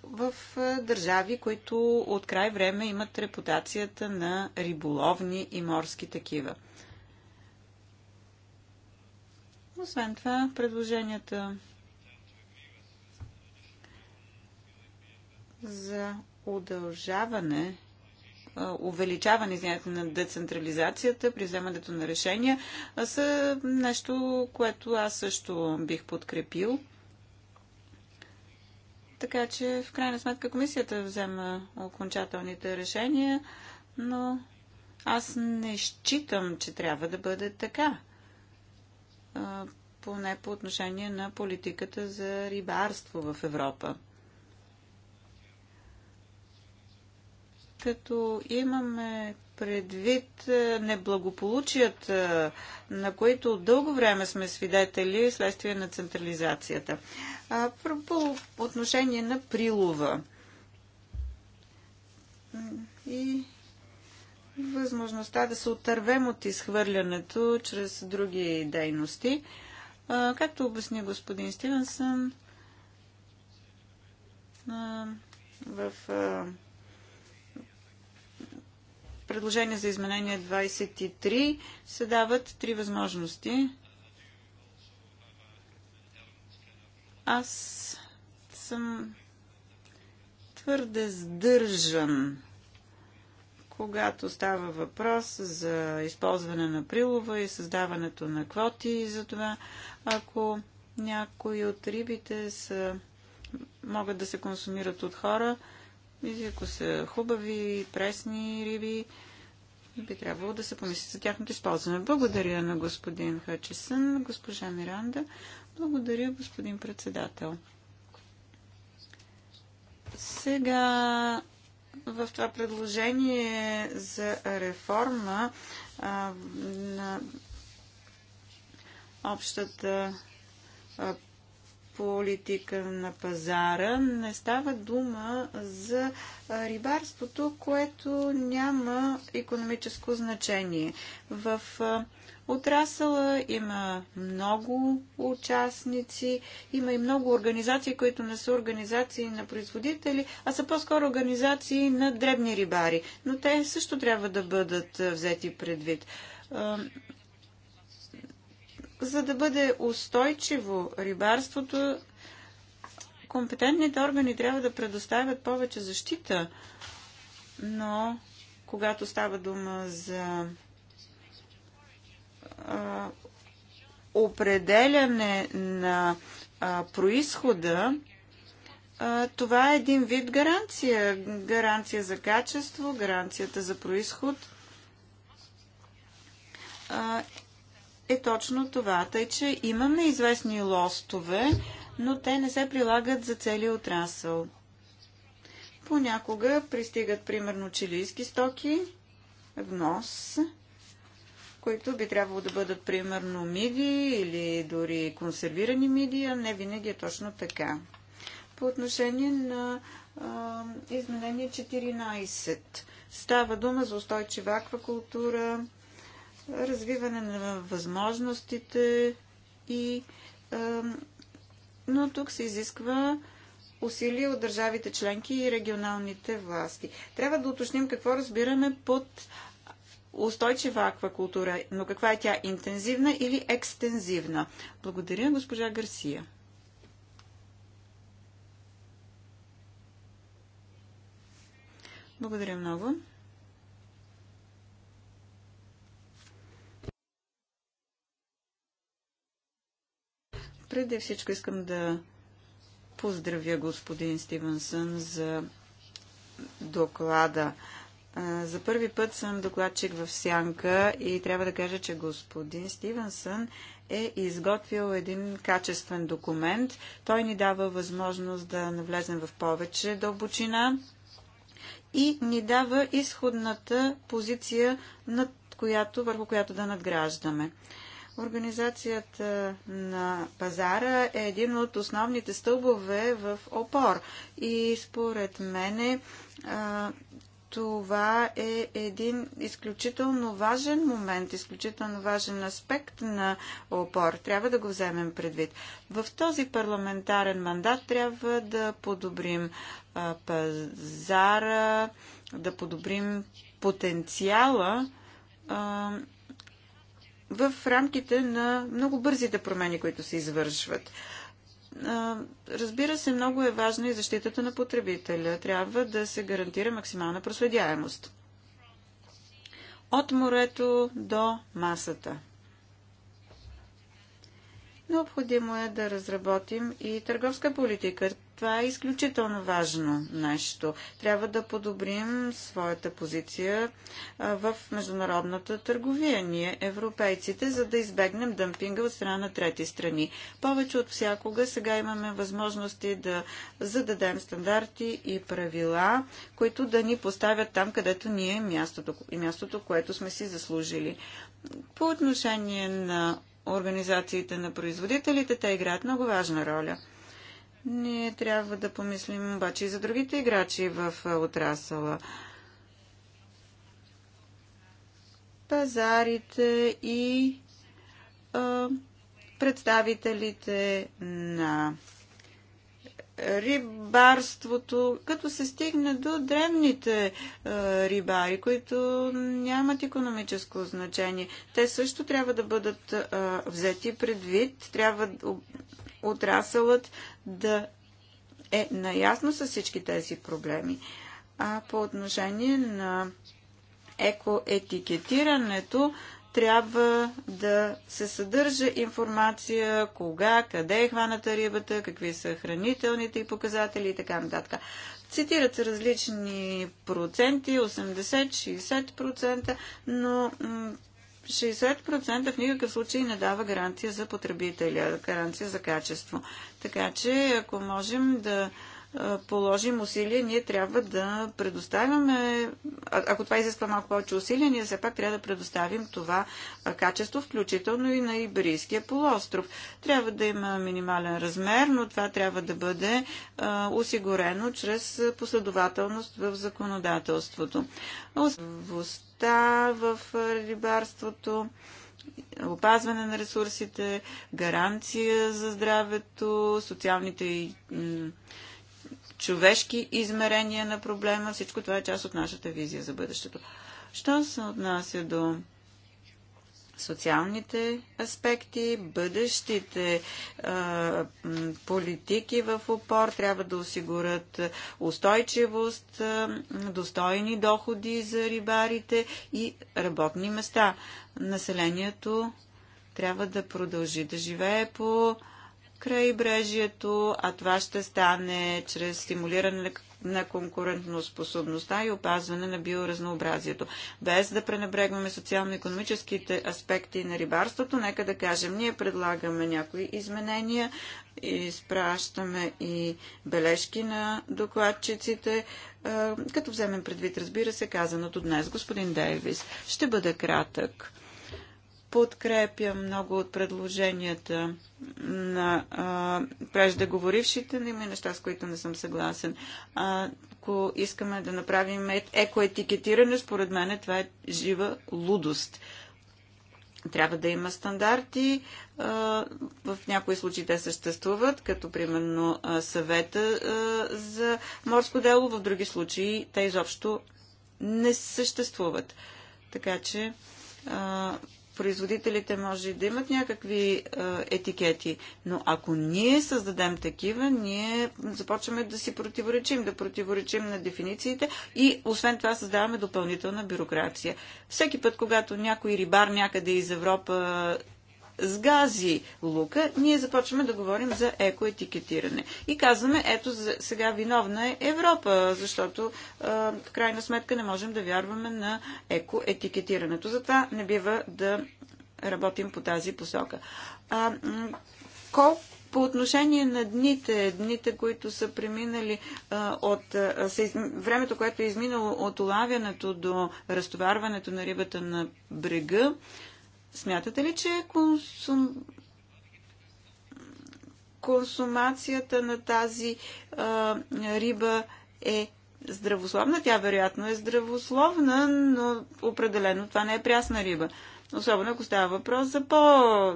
в държави, които от край време имат репутацията на риболовни и морски такива. Освен това, предложенията за удължаване, увеличаване извинете, на децентрализацията при вземането на решения са нещо, което аз също бих подкрепил. Така че, в крайна сметка, комисията взема окончателните решения, но аз не считам, че трябва да бъде така поне по отношение на политиката за рибарство в Европа. Като имаме предвид неблагополучията, на които дълго време сме свидетели следствие на централизацията. По отношение на прилова и възможността да се отървем от изхвърлянето чрез други дейности. както обясни господин Стивенсън, в предложение за изменение 23 се дават три възможности. Аз съм твърде сдържан когато става въпрос за използване на прилова и създаването на квоти и за това, ако някои от рибите са, могат да се консумират от хора, и ако са хубави, пресни риби, би трябвало да се помисли за тяхното използване. Благодаря на господин Хъчесън, госпожа Миранда. Благодаря, господин председател. Сега в това предложение за реформа а, на общата а, политика на пазара не става дума за рибарството, което няма економическо значение. В а, отрасъла, има много участници, има и много организации, които не са организации на производители, а са по-скоро организации на дребни рибари. Но те също трябва да бъдат взети предвид. За да бъде устойчиво рибарството, компетентните органи трябва да предоставят повече защита, но когато става дума за определяне на происхода, това е един вид гаранция. Гаранция за качество, гаранцията за происход е точно това. Тъй, че имаме известни лостове, но те не се прилагат за целия отрасъл. Понякога пристигат, примерно, чилийски стоки, внос, които би трябвало да бъдат примерно миди или дори консервирани миди, а не винаги е точно така. По отношение на а, изменение 14 става дума за устойчива аквакултура, развиване на възможностите и а, но тук се изисква усилия от държавите членки и регионалните власти. Трябва да уточним какво разбираме под устойчива аквакултура, но каква е тя? Интензивна или екстензивна? Благодаря, госпожа Гарсия. Благодаря много. Преди всичко искам да поздравя господин Стивенсън за доклада. За първи път съм докладчик в Сянка и трябва да кажа, че господин Стивенсън е изготвил един качествен документ. Той ни дава възможност да навлезем в повече дълбочина и ни дава изходната позиция, над която, върху която да надграждаме. Организацията на пазара е един от основните стълбове в опор и според мене това е един изключително важен момент, изключително важен аспект на опор. Трябва да го вземем предвид. В този парламентарен мандат трябва да подобрим пазара, да подобрим потенциала в рамките на много бързите промени, които се извършват разбира се, много е важна и защитата на потребителя. Трябва да се гарантира максимална проследяемост. От морето до масата. Необходимо е да разработим и търговска политика, това е изключително важно нещо. Трябва да подобрим своята позиция в международната търговия, ние, европейците, за да избегнем дъмпинга от страна на трети страни. Повече от всякога сега имаме възможности да зададем стандарти и правила, които да ни поставят там, където ние е мястото, мястото, което сме си заслужили. По отношение на организациите на производителите, те играят много важна роля – ние трябва да помислим обаче и за другите играчи в отрасъла. Пазарите и а, представителите на рибарството, като се стигне до древните а, рибари, които нямат економическо значение. Те също трябва да бъдат а, взети предвид, трябва отрасълът да е наясно с всички тези проблеми. А по отношение на екоетикетирането, трябва да се съдържа информация кога, къде е хваната рибата, какви са хранителните и показатели и така нататък. Цитират се различни проценти, 80-60%, но 60% в никакъв случай не дава гаранция за потребителя, гаранция за качество. Така че, ако можем да положим усилия, ние трябва да предоставяме, ако това изисква малко повече усилия, ние все пак трябва да предоставим това качество, включително и на Иберийския полуостров. Трябва да има минимален размер, но това трябва да бъде осигурено чрез последователност в законодателството. Воста в рибарството, опазване на ресурсите, гаранция за здравето, социалните и човешки измерения на проблема. Всичко това е част от нашата визия за бъдещето. Що се отнася до социалните аспекти, бъдещите а, политики в опор трябва да осигурят устойчивост, а, достойни доходи за рибарите и работни места. Населението трябва да продължи да живее по крайбрежието, а това ще стане чрез стимулиране на способността и опазване на биоразнообразието. Без да пренебрегваме социално-економическите аспекти на рибарството, нека да кажем, ние предлагаме някои изменения, изпращаме и бележки на докладчиците, е, като вземем предвид, разбира се, казаното днес господин Дейвис. Ще бъде кратък подкрепя много от предложенията на а, преждеговорившите, но има неща, с които не съм съгласен. А, ако искаме да направим екоетикетиране, според мен това е жива лудост. Трябва да има стандарти. в някои случаи те съществуват, като примерно съвета за морско дело, в други случаи те изобщо не съществуват. Така че производителите може да имат някакви е, етикети, но ако ние създадем такива, ние започваме да си противоречим, да противоречим на дефинициите и освен това създаваме допълнителна бюрокрация. Всеки път, когато някой рибар някъде из Европа сгази лука, ние започваме да говорим за екоетикетиране. И казваме, ето сега виновна е Европа, защото в крайна сметка не можем да вярваме на екоетикетирането. Затова не бива да работим по тази посока. А, колко по отношение на дните, дните, които са преминали а, от а, са, из... времето, което е изминало от улавянето до разтоварването на рибата на брега, Смятате ли, че консум... консумацията на тази а, риба е здравословна? Тя вероятно е здравословна, но определено това не е прясна риба. Особено ако става въпрос за по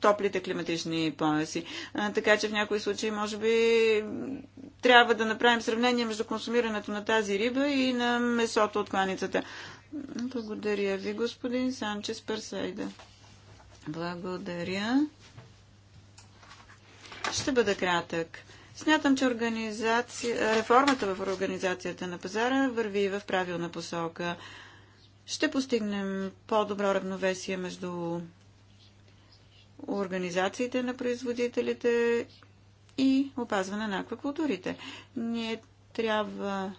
топлите климатични пояси. А, така че в някои случаи, може би, трябва да направим сравнение между консумирането на тази риба и на месото от кланицата. Благодаря ви, господин Санчес Персайда. Благодаря. Ще бъда кратък. Смятам, че е, реформата в организацията на пазара върви в правилна посока. Ще постигнем по-добро равновесие между организациите на производителите и опазване на аквакултурите. Ние трябва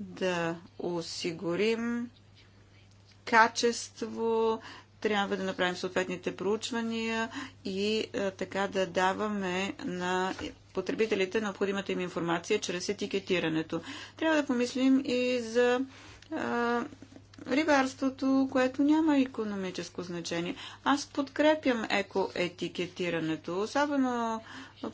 да осигурим качество, трябва да направим съответните проучвания и а, е, така да даваме на потребителите необходимата им информация чрез етикетирането. Трябва да помислим и за а, е, рибарството, което няма економическо значение. Аз подкрепям екоетикетирането, особено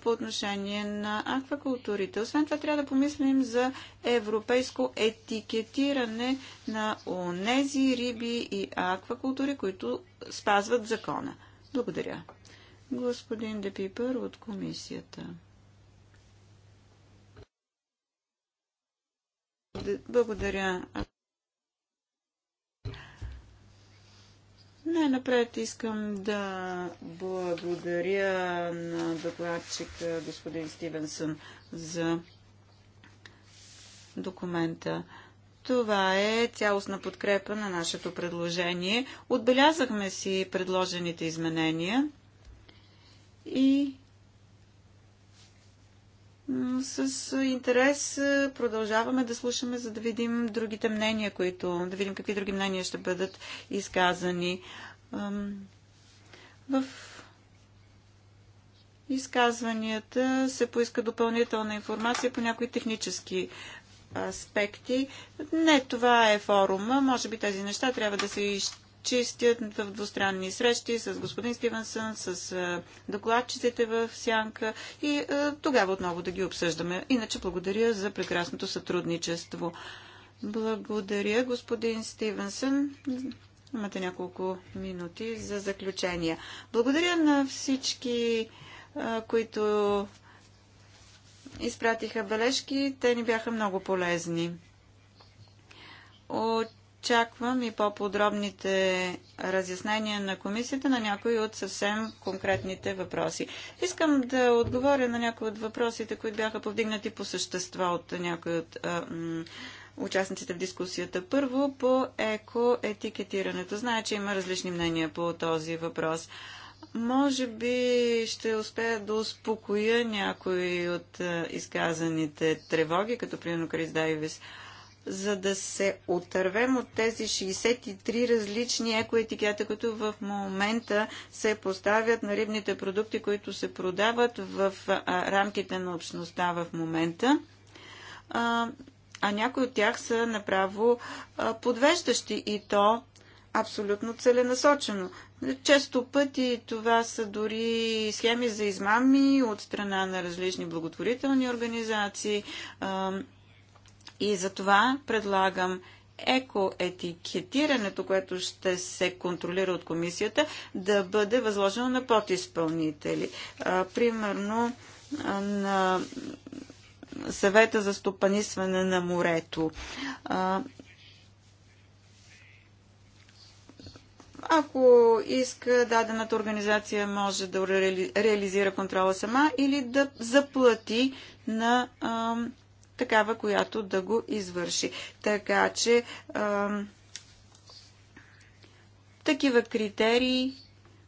по отношение на аквакултурите. Освен това трябва да помислим за европейско етикетиране на онези риби и аквакултури, които спазват закона. Благодаря. Господин Депипър от комисията. Благодаря. Най-напред искам да благодаря на докладчика господин Стивенсън за документа. Това е цялостна подкрепа на нашето предложение. Отбелязахме си предложените изменения и с интерес продължаваме да слушаме, за да видим другите мнения, които, да видим какви други мнения ще бъдат изказани. В изказванията се поиска допълнителна информация по някои технически аспекти. Не, това е форума. Може би тези неща трябва да се изчитат чистят в двустранни срещи с господин Стивенсън, с докладчиците в Сянка и тогава отново да ги обсъждаме. Иначе благодаря за прекрасното сътрудничество. Благодаря, господин Стивенсън. Имате няколко минути за заключение. Благодаря на всички, които изпратиха бележки. Те ни бяха много полезни. От очаквам и по-подробните разяснения на комисията на някои от съвсем конкретните въпроси. Искам да отговоря на някои от въпросите, които бяха повдигнати по същество от някои от а, участниците в дискусията. Първо по екоетикетирането. Знае, че има различни мнения по този въпрос. Може би ще успея да успокоя някои от а, изказаните тревоги, като примерно Крис Дайвис. А, за да се отървем от тези 63 различни екоетикета, които в момента се поставят на рибните продукти, които се продават в рамките на общността в момента. А, а някои от тях са направо подвеждащи и то абсолютно целенасочено. Често пъти това са дори схеми за измами от страна на различни благотворителни организации, и затова предлагам екоетикетирането, което ще се контролира от комисията, да бъде възложено на подизпълнители. А, примерно на съвета за стопанисване на морето. А, ако иска, дадената организация може да реализира контрола сама или да заплати на такава, която да го извърши. Така че а, такива критерии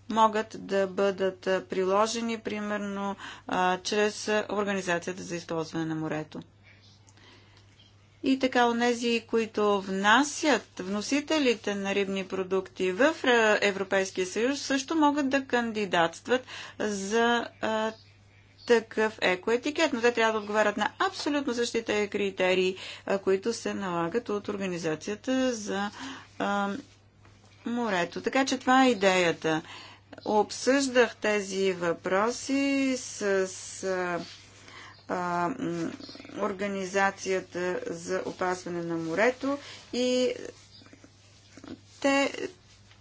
могат да бъдат приложени, примерно, а, чрез Организацията за използване на морето. И така, онези, които внасят, вносителите на рибни продукти в Европейския съюз, също могат да кандидатстват за а, такъв екоетикет, но те трябва да отговарят на абсолютно същите критерии, които се налагат от Организацията за морето. Така че това е идеята. Обсъждах тези въпроси с а, а, Организацията за опазване на морето и те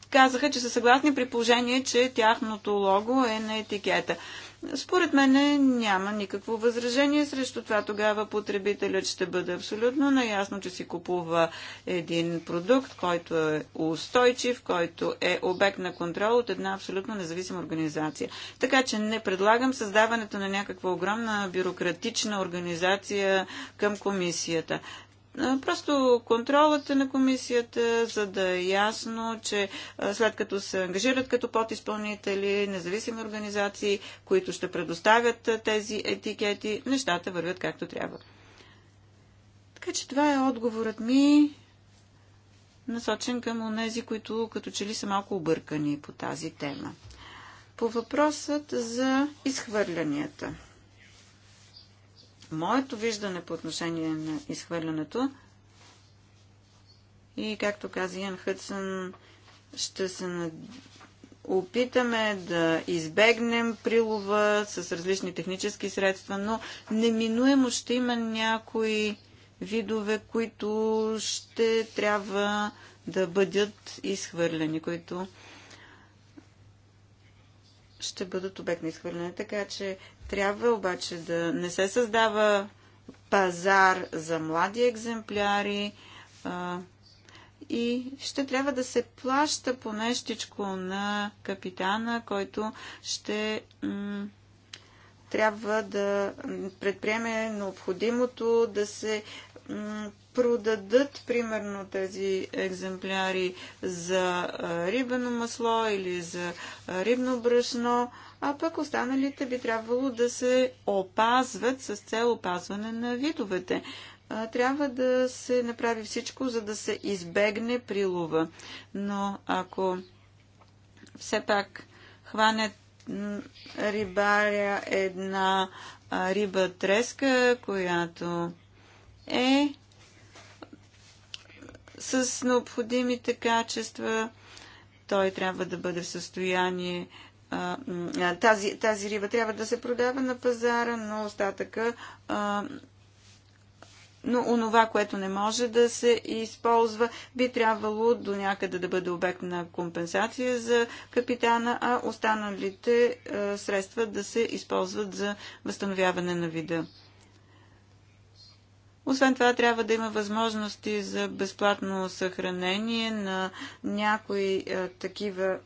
казаха, че са съгласни при положение, че тяхното лого е на етикета. Според мен няма никакво възражение срещу това. Тогава потребителят ще бъде абсолютно наясно, че си купува един продукт, който е устойчив, който е обект на контрол от една абсолютно независима организация. Така че не предлагам създаването на някаква огромна бюрократична организация към комисията. Просто контролата на комисията, за да е ясно, че след като се ангажират като подиспълнители, независими организации, които ще предоставят тези етикети, нещата вървят както трябва. Така че това е отговорът ми, насочен към онези, които като че ли са малко объркани по тази тема. По въпросът за изхвърлянията – моето виждане по отношение на изхвърлянето. И както каза Ян Хътсън, ще се опитаме да избегнем прилова с различни технически средства, но неминуемо ще има някои видове, които ще трябва да бъдат изхвърлени, които ще бъдат обект на изхвърляне. Така че трябва обаче да не се създава пазар за млади екземпляри а, и ще трябва да се плаща по нещичко на капитана, който ще трябва да предприеме необходимото да се продадат, примерно, тези екземпляри за рибено масло или за рибно брашно, а пък останалите би трябвало да се опазват с цел опазване на видовете. Трябва да се направи всичко, за да се избегне прилова. Но ако все пак хване рибаря една риба треска, която е с необходимите качества. Той трябва да бъде в състояние. А, тази, тази риба трябва да се продава на пазара, но остатъка. А, но онова, което не може да се използва, би трябвало до някъде да бъде обект на компенсация за капитана, а останалите средства да се използват за възстановяване на вида. Освен това, трябва да има възможности за безплатно съхранение на някои а, е, такива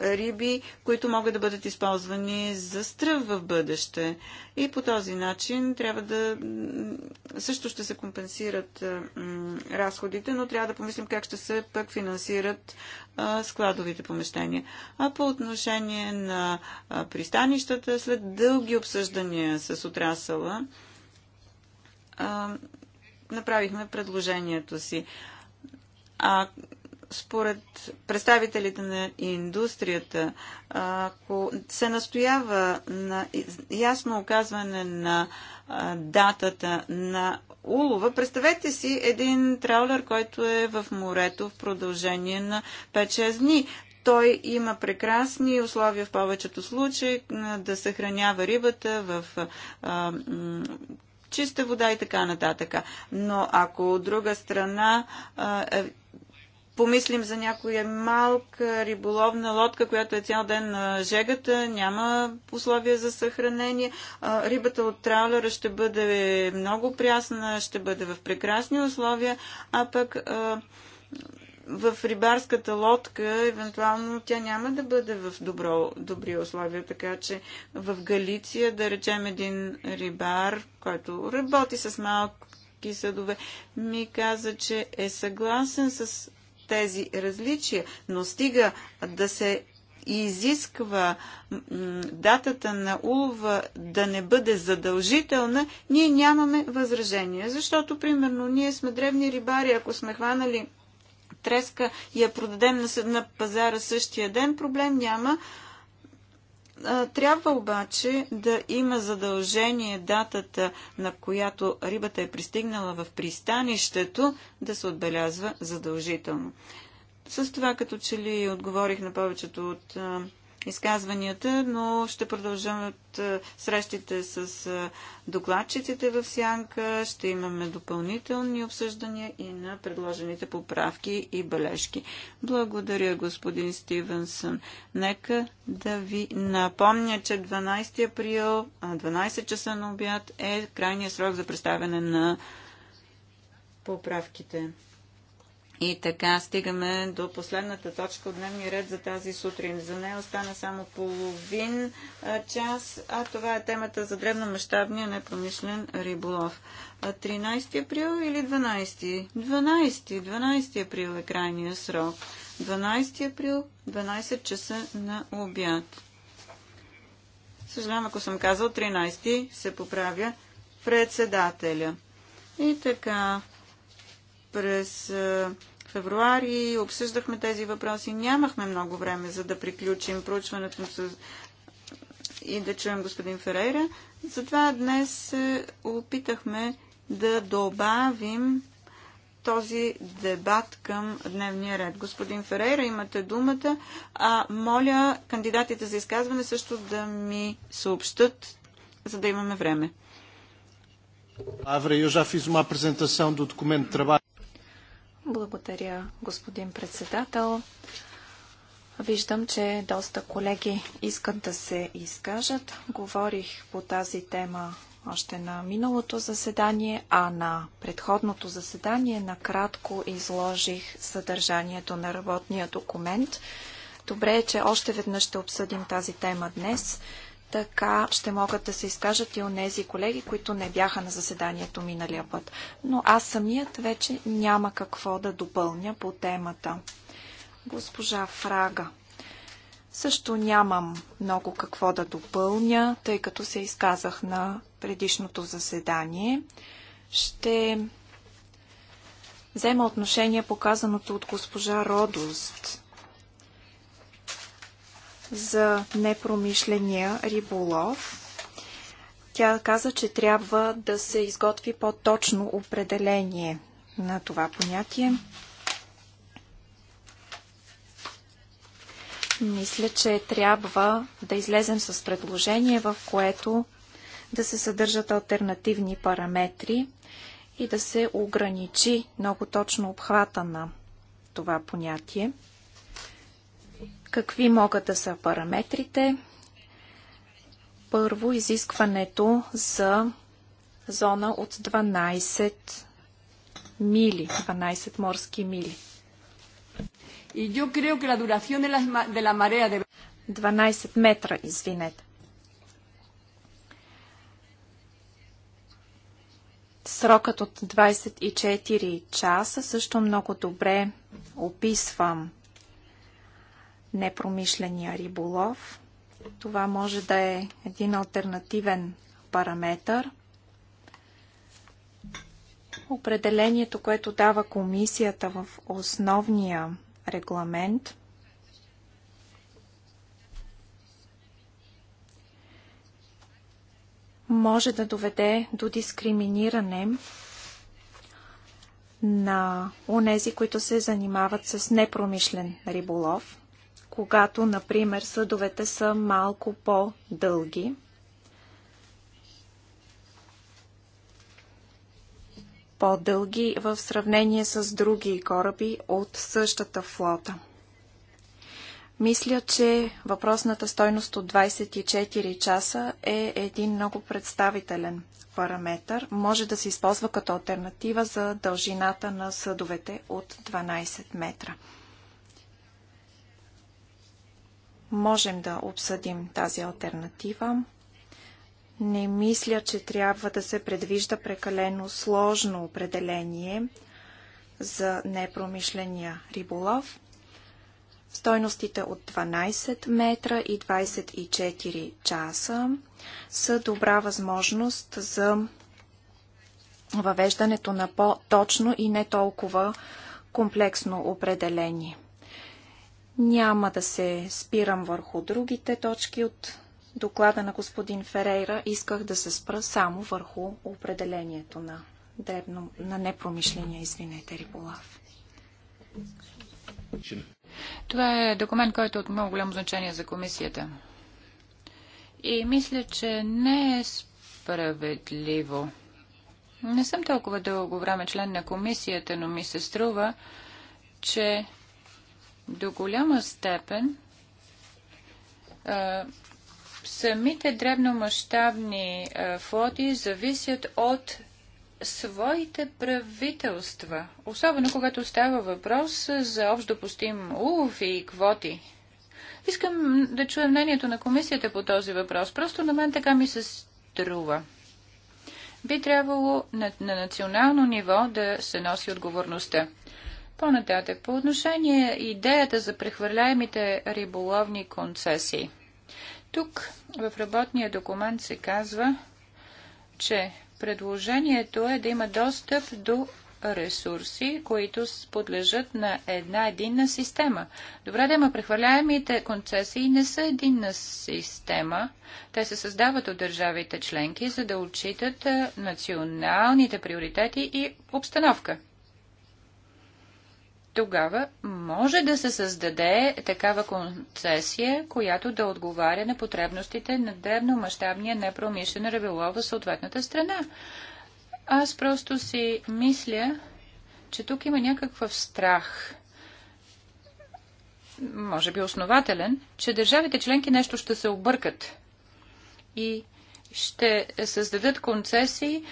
риби, които могат да бъдат използвани за стръв в бъдеще. И по този начин трябва да... Също ще се компенсират е, разходите, но трябва да помислим как ще се пък финансират е, складовите помещения. А по отношение на пристанищата, след дълги обсъждания с отрасъла, направихме предложението си. А според представителите на индустрията, ако се настоява на ясно оказване на датата на улова, представете си един траулер, който е в морето в продължение на 5-6 дни. Той има прекрасни условия в повечето случаи да съхранява рибата в чиста вода и така нататък. Но ако от друга страна е, помислим за някоя малка риболовна лодка, която е цял ден на жегата, няма условия за съхранение. Рибата от траулера ще бъде много прясна, ще бъде в прекрасни условия, а пък в рибарската лодка, евентуално тя няма да бъде в добро, добри условия, така че в Галиция, да речем един рибар, който работи с малки съдове, ми каза, че е съгласен с тези различия, но стига да се изисква датата на улова да не бъде задължителна, ние нямаме възражение. Защото, примерно, ние сме древни рибари, ако сме хванали треска и я продадем на, на пазара същия ден, проблем няма. Трябва обаче да има задължение датата, на която рибата е пристигнала в пристанището, да се отбелязва задължително. С това като че ли отговорих на повечето от изказванията, но ще от срещите с докладчиците в Сянка, ще имаме допълнителни обсъждания и на предложените поправки и бележки. Благодаря, господин Стивенсън. Нека да ви напомня, че 12 април, 12 часа на обяд е крайният срок за представяне на поправките. И така стигаме до последната точка от дневния ред за тази сутрин. За нея остана само половин час, а това е темата за древномащабния непромишлен риболов. 13 април или 12? 12, 12 април е крайния срок. 12 април, 12 часа на обяд. Съжалявам, ако съм казал 13, се поправя председателя. И така, през е, февруари обсъждахме тези въпроси. Нямахме много време, за да приключим проучването с... и да чуем господин Ферейра. Затова днес е, опитахме да добавим този дебат към дневния ред. Господин Ферейра, имате думата. А, моля кандидатите за изказване също да ми съобщат, за да имаме време. Авра, eu já fiz uma apresentação do documento de trabalho. Благодаря, господин председател. Виждам, че доста колеги искат да се изкажат. Говорих по тази тема още на миналото заседание, а на предходното заседание накратко изложих съдържанието на работния документ. Добре е, че още веднъж ще обсъдим тази тема днес. Така ще могат да се изкажат и онези колеги, които не бяха на заседанието миналия път. Но аз самият вече няма какво да допълня по темата. Госпожа Фрага. Също нямам много какво да допълня, тъй като се изказах на предишното заседание. Ще взема отношение показаното от госпожа Родост за непромишления риболов. Тя каза, че трябва да се изготви по-точно определение на това понятие. Мисля, че трябва да излезем с предложение, в което да се съдържат альтернативни параметри и да се ограничи много точно обхвата на това понятие. Какви могат да са параметрите? Първо, изискването за зона от 12 мили, 12 морски мили. 12 метра, извинете. Срокът от 24 часа също много добре описвам непромишления риболов. Това може да е един альтернативен параметър. Определението, което дава комисията в основния регламент, може да доведе до дискриминиране на онези, които се занимават с непромишлен риболов когато, например, съдовете са малко по-дълги. По-дълги в сравнение с други кораби от същата флота. Мисля, че въпросната стойност от 24 часа е един много представителен параметър. Може да се използва като альтернатива за дължината на съдовете от 12 метра. Можем да обсъдим тази альтернатива. Не мисля, че трябва да се предвижда прекалено сложно определение за непромишления риболов. Стойностите от 12 метра и 24 часа са добра възможност за въвеждането на по-точно и не толкова комплексно определение. Няма да се спирам върху другите точки от доклада на господин Ферейра. Исках да се спра само върху определението на, дребно, на непромишления, извинете, риболав. Това е документ, който е от много голямо значение за комисията. И мисля, че не е справедливо. Не съм толкова дълго време член на комисията, но ми се струва, че до голяма степен самите дребномащабни флоти зависят от своите правителства, особено когато става въпрос за допустим улов и квоти. Искам да чуя мнението на комисията по този въпрос. Просто на мен така ми се струва. Би трябвало на, на национално ниво да се носи отговорността. По-нататък, по отношение идеята за прехвърляемите риболовни концесии. Тук в работния документ се казва, че предложението е да има достъп до ресурси, които подлежат на една единна система. Добре да има прехвърляемите концесии не са единна система. Те се създават от държавите членки, за да отчитат националните приоритети и обстановка тогава може да се създаде такава концесия, която да отговаря на потребностите на дребномащабния непромишлен риболов в съответната страна. Аз просто си мисля, че тук има някакъв страх, може би основателен, че държавите членки нещо ще се объркат и ще създадат концесии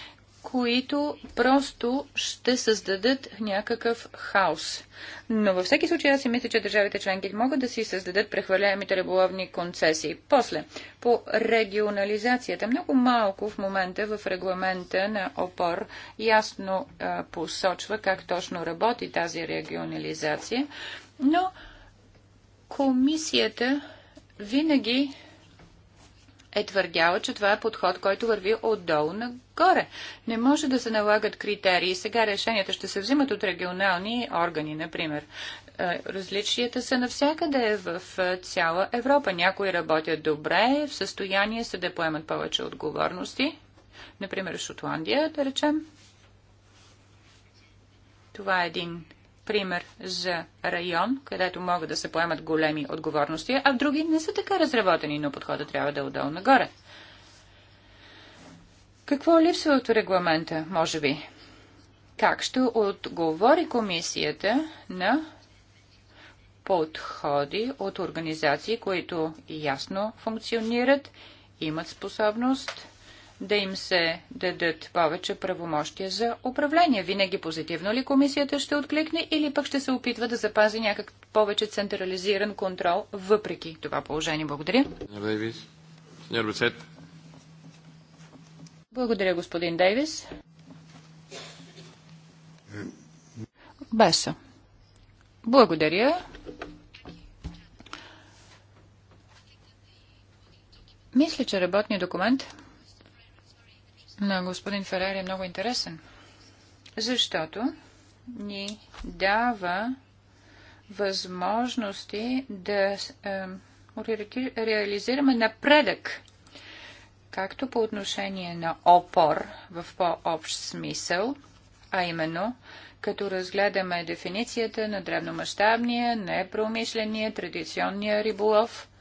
които просто ще създадат някакъв хаос. Но във всеки случай аз си мисля, че държавите членки могат да си създадат прехвърляемите риболовни концесии. После, по регионализацията. Много малко в момента в регламента на ОПОР ясно а, посочва как точно работи тази регионализация, но комисията винаги е твърдяла, че това е подход, който върви отдолу нагоре. Не може да се налагат критерии. Сега решенията ще се взимат от регионални органи, например. Е, различията са навсякъде в е, цяла Европа. Някои работят добре, в състояние са да поемат повече отговорности. Например, Шотландия, да речем. Това е един пример за район, където могат да се поемат големи отговорности, а в други не са така разработени, но подходът трябва да е отдолу нагоре. Какво липсва от регламента, може би? Как ще отговори комисията на подходи от организации, които ясно функционират, имат способност да им се дадат повече правомощия за управление. Винаги позитивно ли комисията ще откликне или пък ще се опитва да запази някак повече централизиран контрол въпреки това положение? Благодаря. Благодаря, господин Дейвис. Беса. Благодаря. Мисля, че работният документ на господин Ферер е много интересен, защото ни дава възможности да реализираме напредък, както по отношение на опор в по-общ смисъл, а именно като разгледаме дефиницията на древномащабния, непромишления, традиционния риболов –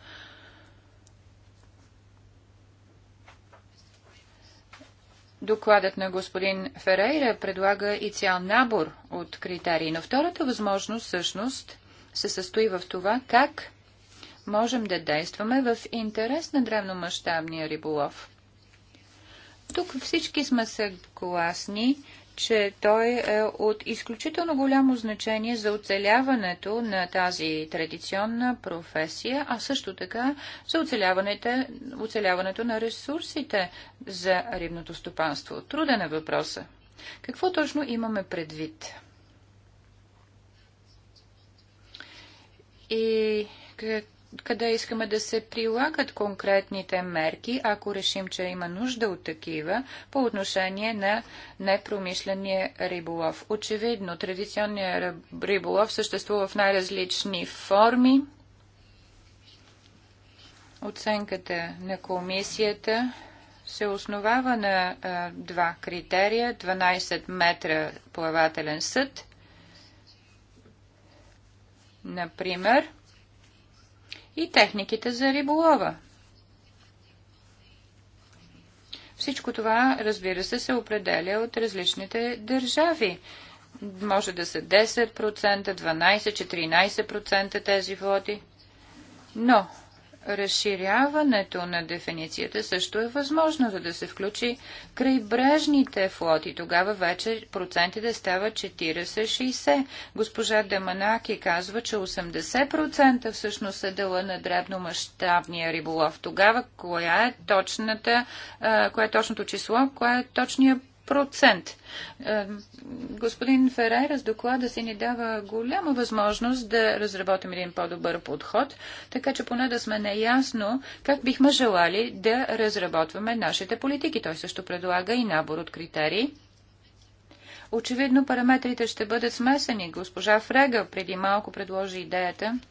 Докладът на господин Ферейра предлага и цял набор от критерии, но втората възможност всъщност се състои в това как можем да действаме в интерес на древномащабния риболов. Тук всички сме съгласни, че той е от изключително голямо значение за оцеляването на тази традиционна професия, а също така за оцеляването, оцеляването на ресурсите за рибното стопанство. Труден е въпроса. Какво точно имаме предвид? И как къде искаме да се прилагат конкретните мерки, ако решим, че има нужда от такива по отношение на непромишления риболов. Очевидно, традиционният риболов съществува в най-различни форми. Оценката на комисията се основава на а, два критерия 12 метра плавателен съд, например и техниките за риболова. Всичко това, разбира се, се определя от различните държави. Може да са 10%, 12%, 14% тези води. Но разширяването на дефиницията също е възможно, за да се включи крайбрежните флоти. Тогава вече процентите стават 40-60. Госпожа Деманаки казва, че 80% всъщност е дела на дребномащабния риболов. Тогава коя е точната, кое е точното число, кое е точният процент. Е, господин Ферайра с доклада си ни дава голяма възможност да разработим един по-добър подход, така че поне да сме наясно как бихме желали да разработваме нашите политики. Той също предлага и набор от критерии. Очевидно параметрите ще бъдат смесени. Госпожа Фрега преди малко предложи идеята –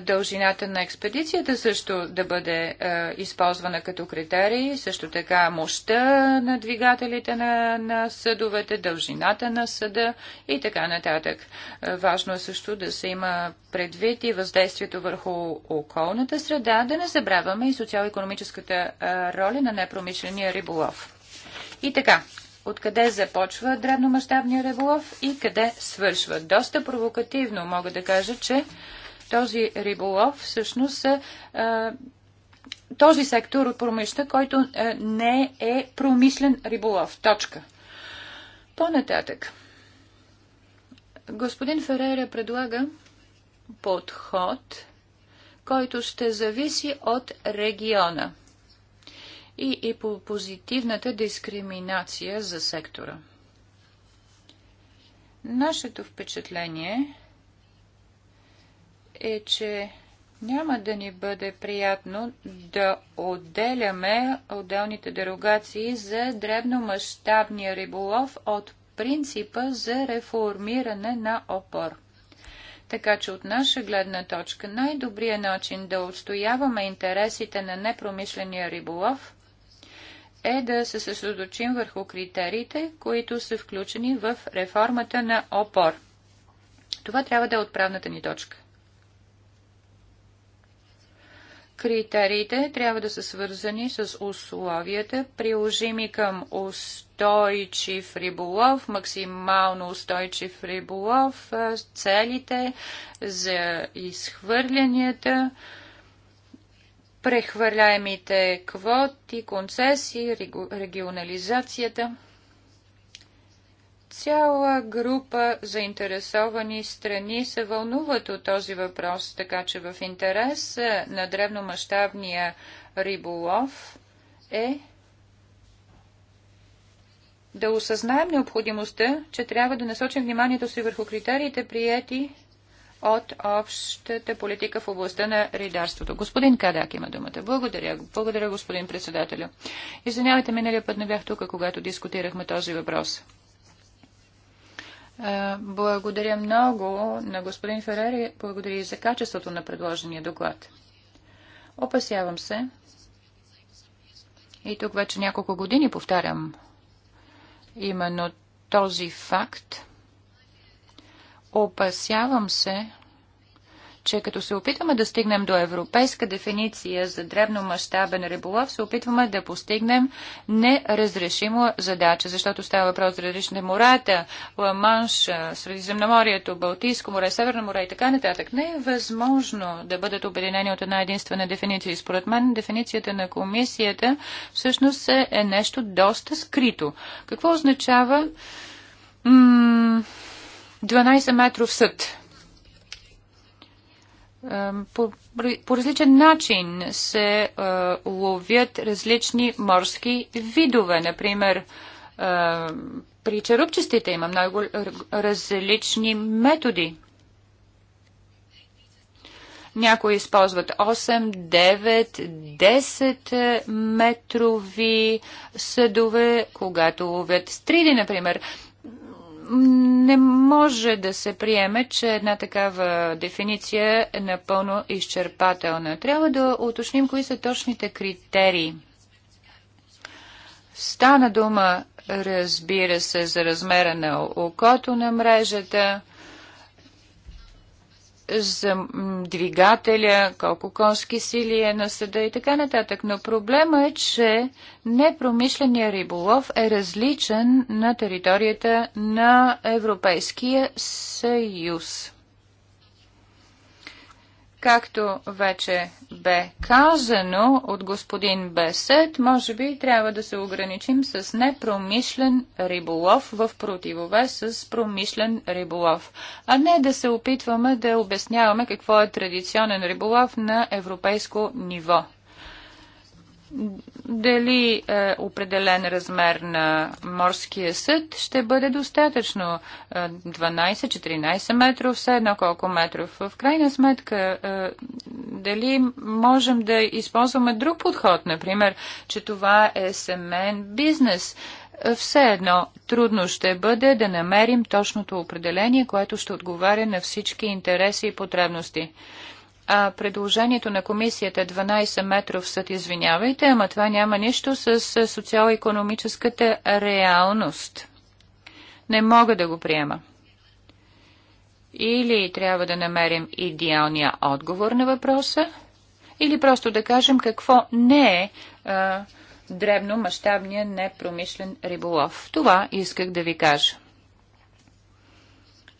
дължината на експедицията също да бъде е, използвана като критерий, също така мощта на двигателите на, на съдовете, дължината на съда и така нататък. Е, важно е също да се има предвид и въздействието върху околната среда, да не забравяме и социал-економическата е, роля на непромишления риболов. И така, откъде започва дребномащабния риболов и къде свършва. Доста провокативно мога да кажа, че този риболов всъщност е, е този сектор от промишта, който е, не е промишлен риболов. Точка. По-нататък. Господин Ферера предлага подход, който ще зависи от региона и, и по позитивната дискриминация за сектора. Нашето впечатление е, че няма да ни бъде приятно да отделяме отделните дерогации за дребномащабния риболов от принципа за реформиране на опор. Така че от наша гледна точка най-добрият начин да отстояваме интересите на непромишления риболов е да се съсредоточим върху критериите, които са включени в реформата на опор. Това трябва да е отправната ни точка. Критериите трябва да са свързани с условията, приложими към устойчив риболов, максимално устойчив риболов, целите за изхвърлянията, прехвърляемите квоти, концесии, регионализацията. Цяла група заинтересовани страни се вълнуват от този въпрос, така че в интерес на древномащабния риболов е да осъзнаем необходимостта, че трябва да насочим вниманието си върху критериите, приети от общата политика в областта на ридарството. Господин Кадак има думата. Благодаря. Благодаря, господин председателю. Извинявайте, миналия път не бях тук, когато дискутирахме този въпрос. Е, благодаря много на господин Ферери. Благодаря и за качеството на предложения доклад. Опасявам се. И тук вече няколко години повтарям именно този факт. Опасявам се, че като се опитваме да стигнем до европейска дефиниция за дребномащабен риболов, се опитваме да постигнем неразрешима задача, защото става въпрос за различни морета, Манш, Средиземноморието, Балтийско море, Северно море и така нататък. Не е възможно да бъдат обединени от една единствена дефиниция. Според мен дефиницията на комисията всъщност е нещо доста скрито. Какво означава 12 метров съд? по, по различен начин се а, ловят различни морски видове. Например, а, при черупчестите има много различни методи. Някои използват 8, 9, 10 метрови съдове, когато ловят стриди, например не може да се приеме, че една такава дефиниция е напълно изчерпателна. Трябва да уточним кои са точните критерии. Стана дума, разбира се, за размера на окото на мрежата – за двигателя, колко конски сили е на съда и така нататък. Но проблема е, че непромишления риболов е различен на територията на Европейския съюз. Както вече бе казано от господин Бесет, може би трябва да се ограничим с непромишлен риболов в противовес с промишлен риболов, а не да се опитваме да обясняваме какво е традиционен риболов на европейско ниво дали е, определен размер на морския съд ще бъде достатъчно 12-14 е, метров, все едно колко метров. В крайна сметка, е, дали можем да използваме друг подход, например, че това е семен бизнес. Все едно трудно ще бъде да намерим точното определение, което ще отговаря на всички интереси и потребности а, предложението на комисията 12 е метров съд, извинявайте, ама това няма нищо с социал економическата реалност. Не мога да го приема. Или трябва да намерим идеалния отговор на въпроса, или просто да кажем какво не е дребно дребномащабния непромишлен риболов. Това исках да ви кажа.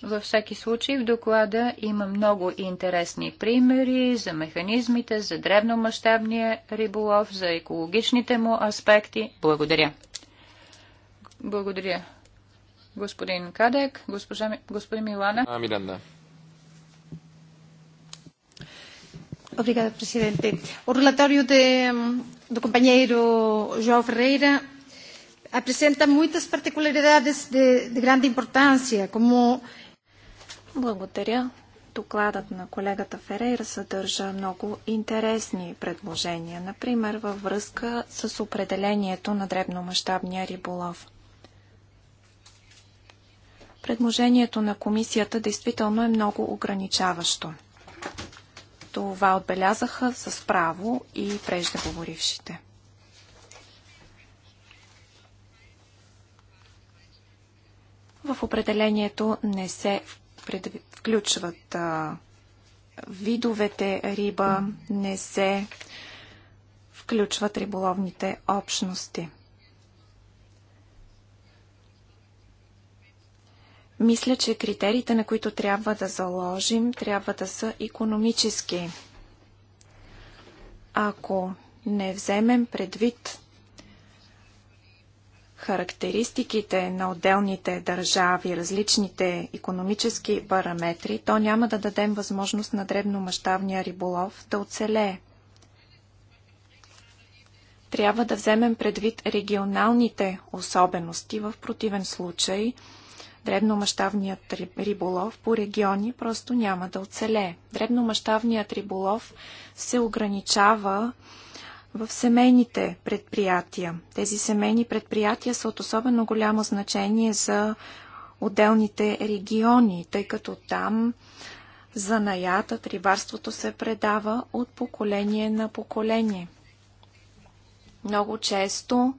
Във всеки случай в доклада има много интересни примери за механизмите, за древномащабния риболов, за екологичните му аспекти. Благодаря. Благодаря. Господин Кадек, госпожа, господин Милана. А, Миланда. Obrigada, Presidente. O relatório de, do companheiro João Ferreira apresenta muitas particularidades de, de grande importância, como благодаря. Докладът на колегата Ферейра съдържа много интересни предложения, например във връзка с определението на дребномащабния риболов. Предложението на комисията действително е много ограничаващо. Това отбелязаха с право и преждеговорившите. В определението не се пред... включват а, видовете риба, не се включват риболовните общности. Мисля, че критериите, на които трябва да заложим, трябва да са економически. Ако не вземем предвид характеристиките на отделните държави, различните економически параметри, то няма да дадем възможност на дребномащабния риболов да оцелее. Трябва да вземем предвид регионалните особености. В противен случай дребномащабният риболов по региони просто няма да оцелее. Дребномащабният риболов се ограничава в семейните предприятия. Тези семейни предприятия са от особено голямо значение за отделните региони, тъй като там занаятът, рибарството се предава от поколение на поколение. Много често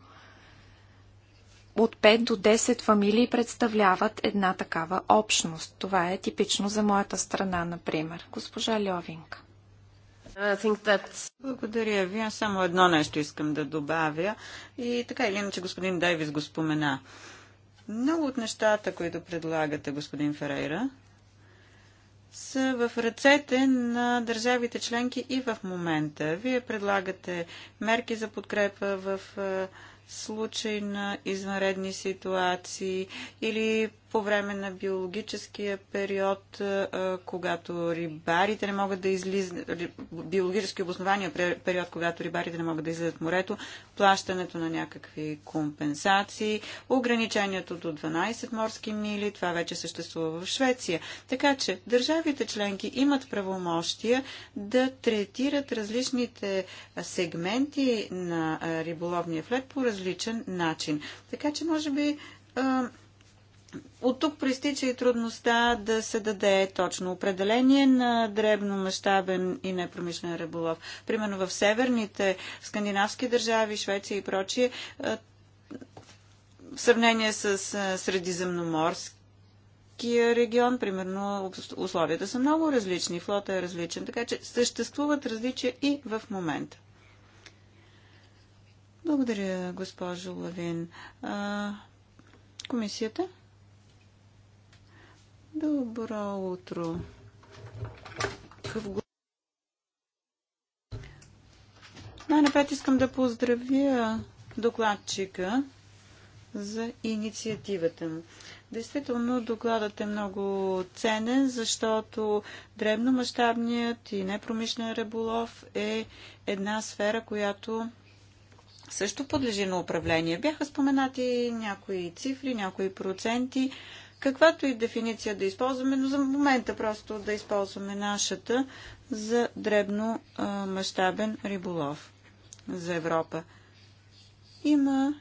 от 5 до 10 фамилии представляват една такава общност. Това е типично за моята страна, например. Госпожа Льовинка, благодаря ви. Аз само едно нещо искам да добавя. И така или иначе господин Дайвис го спомена. Много от нещата, които предлагате, господин Ферейра, са в ръцете на държавите членки и в момента. Вие предлагате мерки за подкрепа в случай на извънредни ситуации или по време на биологическия период, когато рибарите не могат да излизат, биологически обоснования период, когато рибарите не могат да излизат морето, плащането на някакви компенсации, ограничението до 12 морски мили, това вече съществува в Швеция. Така че държавите членки имат правомощия да третират различните сегменти на риболовния флет по различен начин. Така че може би от тук проистича и трудността да се даде точно определение на дребно мащабен и непромишлен риболов. Примерно в северните скандинавски държави, Швеция и прочие, в сравнение с средиземноморски регион, примерно, условията са много различни, флота е различен, така че съществуват различия и в момента. Благодаря, госпожо Лавин. А, комисията? Добро утро. Най-напред искам да поздравя докладчика за инициативата му. Действително докладът е много ценен, защото дребномащабният и непромишлен реболов е една сфера, която също подлежи на управление. Бяха споменати някои цифри, някои проценти каквато и дефиниция да използваме, но за момента просто да използваме нашата за дребно мащабен риболов за Европа. Има,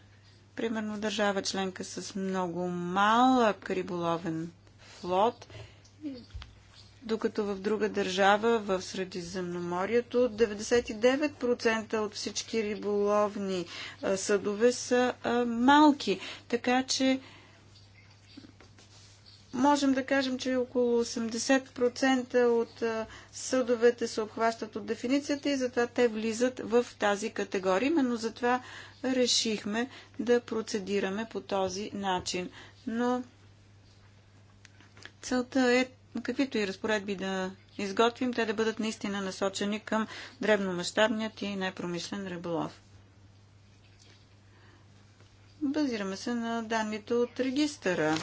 примерно, държава членка с много малък риболовен флот, докато в друга държава, в Средиземноморието, 99% от всички риболовни съдове са малки. Така че Можем да кажем, че около 80% от съдовете се обхващат от дефиницията и затова те влизат в тази категория. Именно затова решихме да процедираме по този начин. Но целта е, каквито и разпоредби да изготвим, те да бъдат наистина насочени към древномащабният и непромишлен риболов. Базираме се на данните от регистъра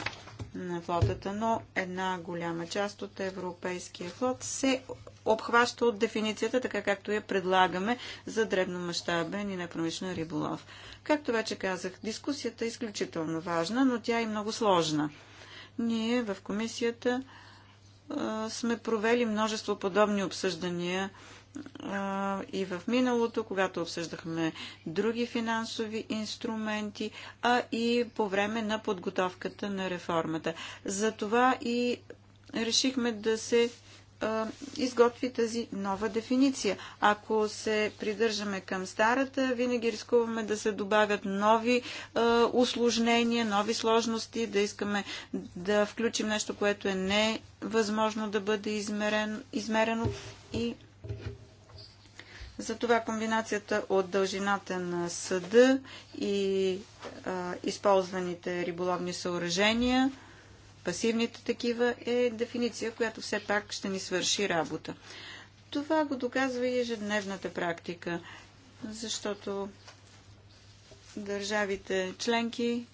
на флотата, но една голяма част от европейския флот се обхваща от дефиницията, така както я предлагаме за дребномащабен и непромишлен риболов. Както вече казах, дискусията е изключително важна, но тя е много сложна. Ние в комисията сме провели множество подобни обсъждания и в миналото, когато обсъждахме други финансови инструменти, а и по време на подготовката на реформата. Затова и решихме да се изготви тази нова дефиниция. Ако се придържаме към старата, винаги рискуваме да се добавят нови е, усложнения, нови сложности, да искаме да включим нещо, което е невъзможно да бъде измерен, измерено и затова комбинацията от дължината на съда и а, използваните риболовни съоръжения, пасивните такива, е дефиниция, която все пак ще ни свърши работа. Това го доказва и ежедневната практика, защото държавите членки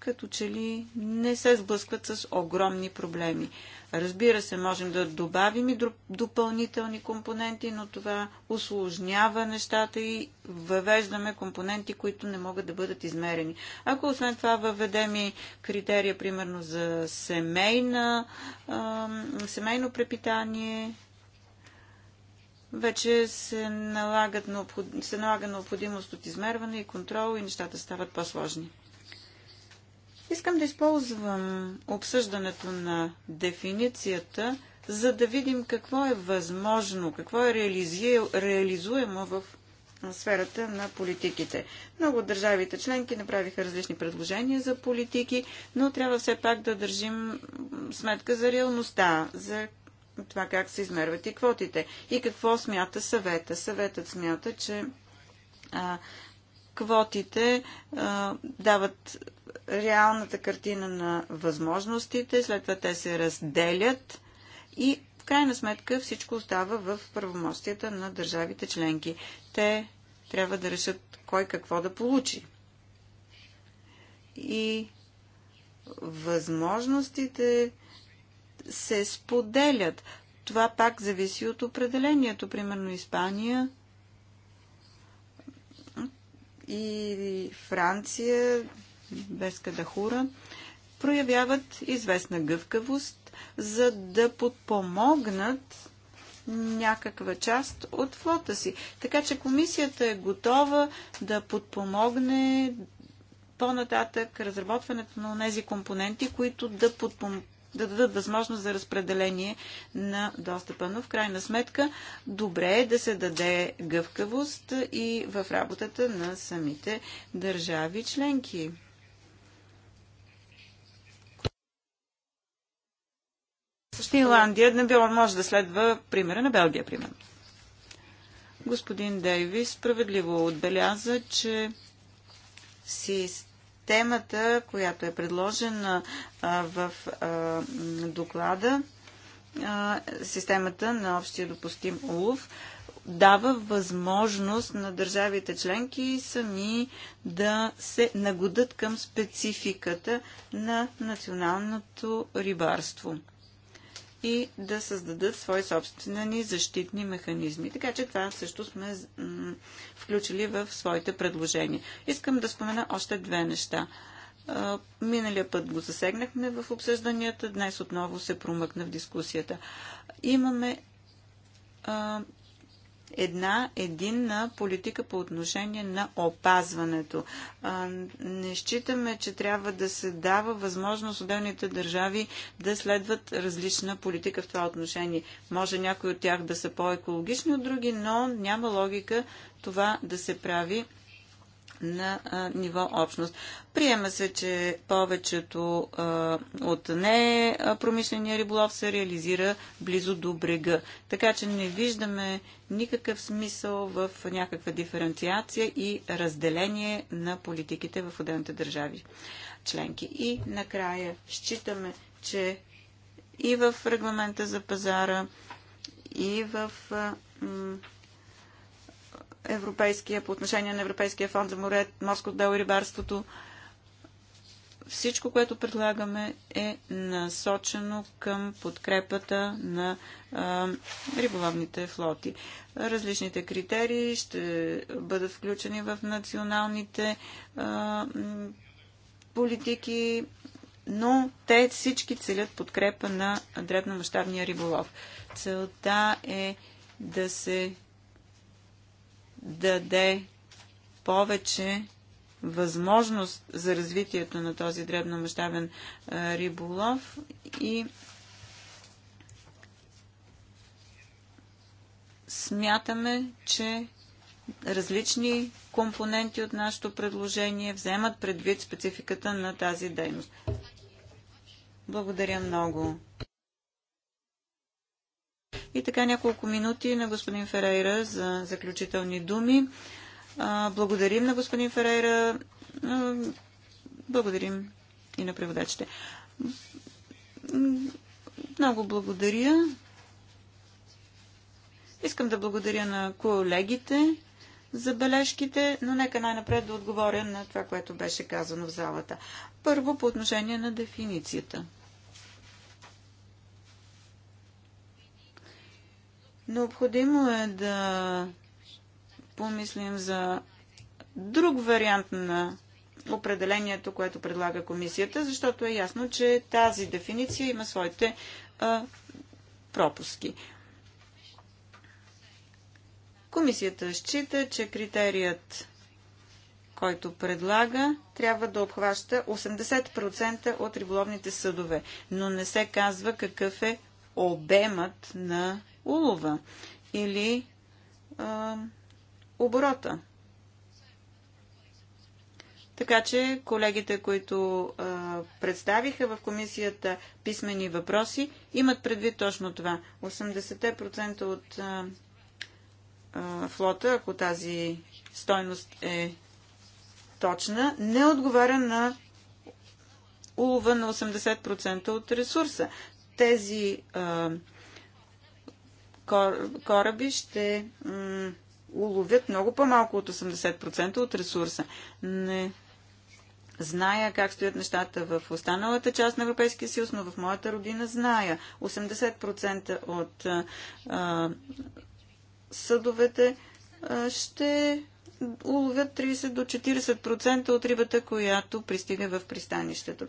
като че ли не се сблъскват с огромни проблеми. Разбира се, можем да добавим и допълнителни компоненти, но това усложнява нещата и въвеждаме компоненти, които не могат да бъдат измерени. Ако освен това въведем и критерия, примерно за семейна, семейно препитание, вече се, налагат, се налага необходимост от измерване и контрол и нещата стават по-сложни. Искам да използвам обсъждането на дефиницията, за да видим какво е възможно, какво е реализуемо в сферата на политиките. Много от държавите членки направиха различни предложения за политики, но трябва все пак да държим сметка за реалността, за това как се измерват и квотите. И какво смята съвета? Съветът смята, че а, квотите а, дават реалната картина на възможностите, след това те се разделят и в крайна сметка всичко остава в правомощията на държавите членки. Те трябва да решат кой какво да получи. И възможностите се споделят. Това пак зависи от определението. Примерно Испания и Франция без Кадахура, проявяват известна гъвкавост, за да подпомогнат някаква част от флота си. Така че комисията е готова да подпомогне по-нататък разработването на тези компоненти, които да, подпом... да дадат възможност за разпределение на достъпа. Но в крайна сметка добре е да се даде гъвкавост и в работата на самите държави членки. Финландия не било, може да следва примера на Белгия, примерно. Господин Дейвис справедливо отбеляза, че системата, която е предложена в доклада, системата на общия допустим улов, дава възможност на държавите членки сами да се нагодат към спецификата на националното рибарство и да създадат свои собствени защитни механизми. Така че това също сме включили в своите предложения. Искам да спомена още две неща. Миналия път го засегнахме в обсъжданията, днес отново се промъкна в дискусията. Имаме една единна политика по отношение на опазването. Не считаме, че трябва да се дава възможност отделните държави да следват различна политика в това отношение. Може някои от тях да са по-екологични от други, но няма логика това да се прави на а, ниво общност. Приема се, че повечето а, от не промишления риболов се реализира близо до брега. Така че не виждаме никакъв смисъл в някаква диференциация и разделение на политиките в отделните държави членки. И накрая считаме, че и в регламента за пазара, и в а, европейския, по отношение на Европейския фонд за море, морско дело и рибарството. Всичко, което предлагаме е насочено към подкрепата на а, риболовните флоти. Различните критерии ще бъдат включени в националните а, политики, но те всички целят подкрепа на дребномащабния риболов. Целта е да се даде повече възможност за развитието на този дребномащабен риболов и смятаме, че различни компоненти от нашето предложение вземат предвид спецификата на тази дейност. Благодаря много. И така няколко минути на господин Ферейра за заключителни думи. Благодарим на господин Ферейра. Благодарим и на преводачите. Много благодаря. Искам да благодаря на колегите за бележките, но нека най-напред да отговоря на това, което беше казано в залата. Първо по отношение на дефиницията. Необходимо е да помислим за друг вариант на определението, което предлага комисията, защото е ясно, че тази дефиниция има своите а, пропуски. Комисията счита, че критерият, който предлага, трябва да обхваща 80% от риболовните съдове, но не се казва какъв е обемът на улова или а, оборота. Така че колегите, които а, представиха в комисията писмени въпроси, имат предвид точно това. 80% от а, а, флота, ако тази стойност е точна, не отговаря на улова на 80% от ресурса. Тези а, кораби ще уловят много по-малко от 80% от ресурса. Не зная как стоят нещата в останалата част на Европейския съюз, но в моята родина зная. 80% от а, съдовете а, ще уловят 30 до 40% от рибата, която пристига в пристанището.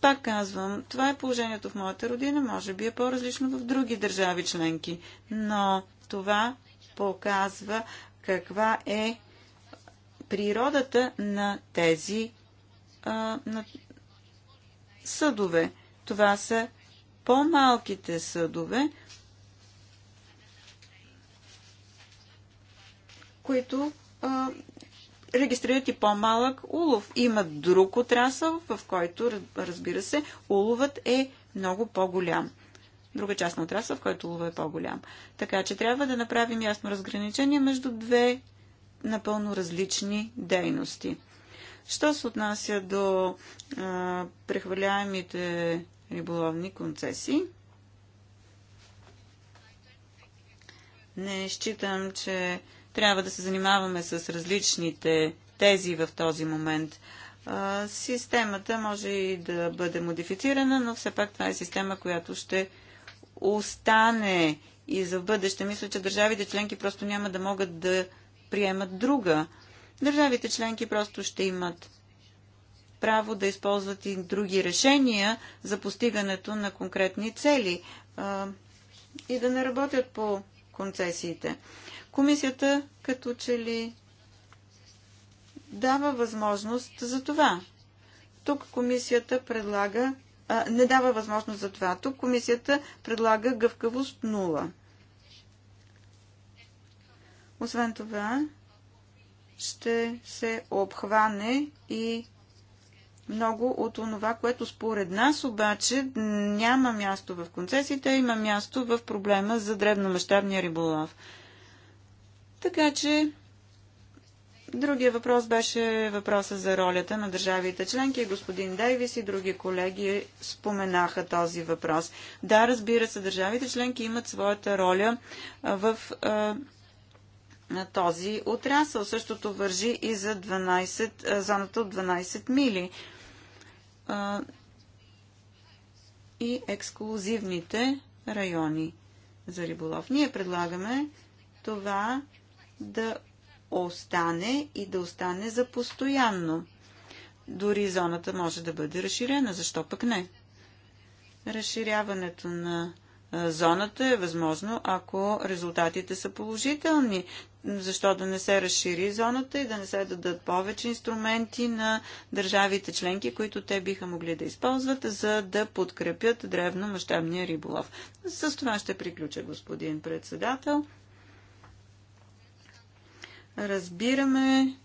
Пак казвам, това е положението в моята родина, може би е по-различно в други държави членки, но това показва каква е природата на тези а, на съдове. Това са по-малките съдове, които а, регистрират и по-малък улов. Има друг отрасъл, в който, разбира се, уловът е много по-голям. Друга част на отрасъл, в който улова е по-голям. Така че трябва да направим ясно разграничение между две напълно различни дейности. Що се отнася до а, прехвърляемите риболовни концесии? Не считам, че трябва да се занимаваме с различните тези в този момент. системата може и да бъде модифицирана, но все пак това е система, която ще остане и за бъдеще. Мисля, че държавите членки просто няма да могат да приемат друга. Държавите членки просто ще имат право да използват и други решения за постигането на конкретни цели и да не работят по концесиите. Комисията като че ли дава възможност за това. Тук комисията предлага, а, не дава възможност за това. Тук комисията предлага гъвкавост 0. Освен това, ще се обхване и много от това, което според нас обаче няма място в концесиите, а има място в проблема за дребномащабния риболов. Така че Другия въпрос беше въпроса за ролята на държавите членки. Господин Дейвис и други колеги споменаха този въпрос. Да, разбира се, държавите членки имат своята роля в а, този отрасъл. Същото вържи и за 12, зоната от 12 мили а, и ексклюзивните райони за риболов. Ние предлагаме това да остане и да остане за постоянно. Дори зоната може да бъде разширена, защо пък не? Разширяването на зоната е възможно, ако резултатите са положителни. Защо да не се разшири зоната и да не се дадат повече инструменти на държавите членки, които те биха могли да използват, за да подкрепят древномащабния риболов. С това ще приключа, господин председател. Разбираме,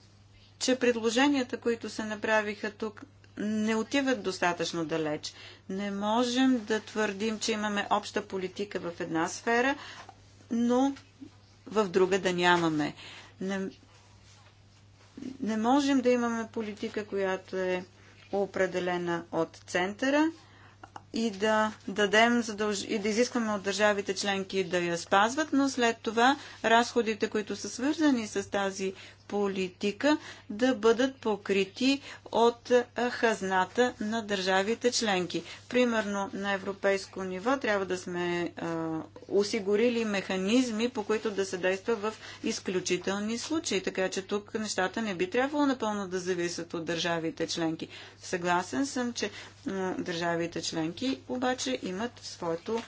че предложенията, които се направиха тук, не отиват достатъчно далеч. Не можем да твърдим, че имаме обща политика в една сфера, но в друга да нямаме. Не, не можем да имаме политика, която е определена от центъра и да дадем задълж... и да изискваме от държавите членки да я спазват, но след това разходите, които са свързани с тази политика да бъдат покрити от хазната на държавите членки. Примерно на европейско ниво трябва да сме а, осигурили механизми, по които да се действа в изключителни случаи, така че тук нещата не би трябвало напълно да зависят от държавите членки. Съгласен съм, че държавите членки обаче имат своето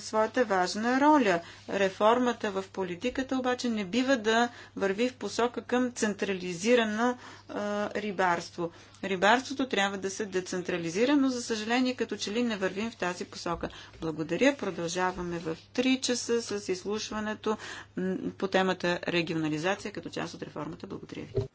своята важна роля. Реформата в политиката обаче не бива да върви в посока към централизирано рибарство. Рибарството трябва да се децентрализира, но за съжаление като че ли не вървим в тази посока. Благодаря. Продължаваме в 3 часа с изслушването по темата регионализация като част от реформата. Благодаря ви.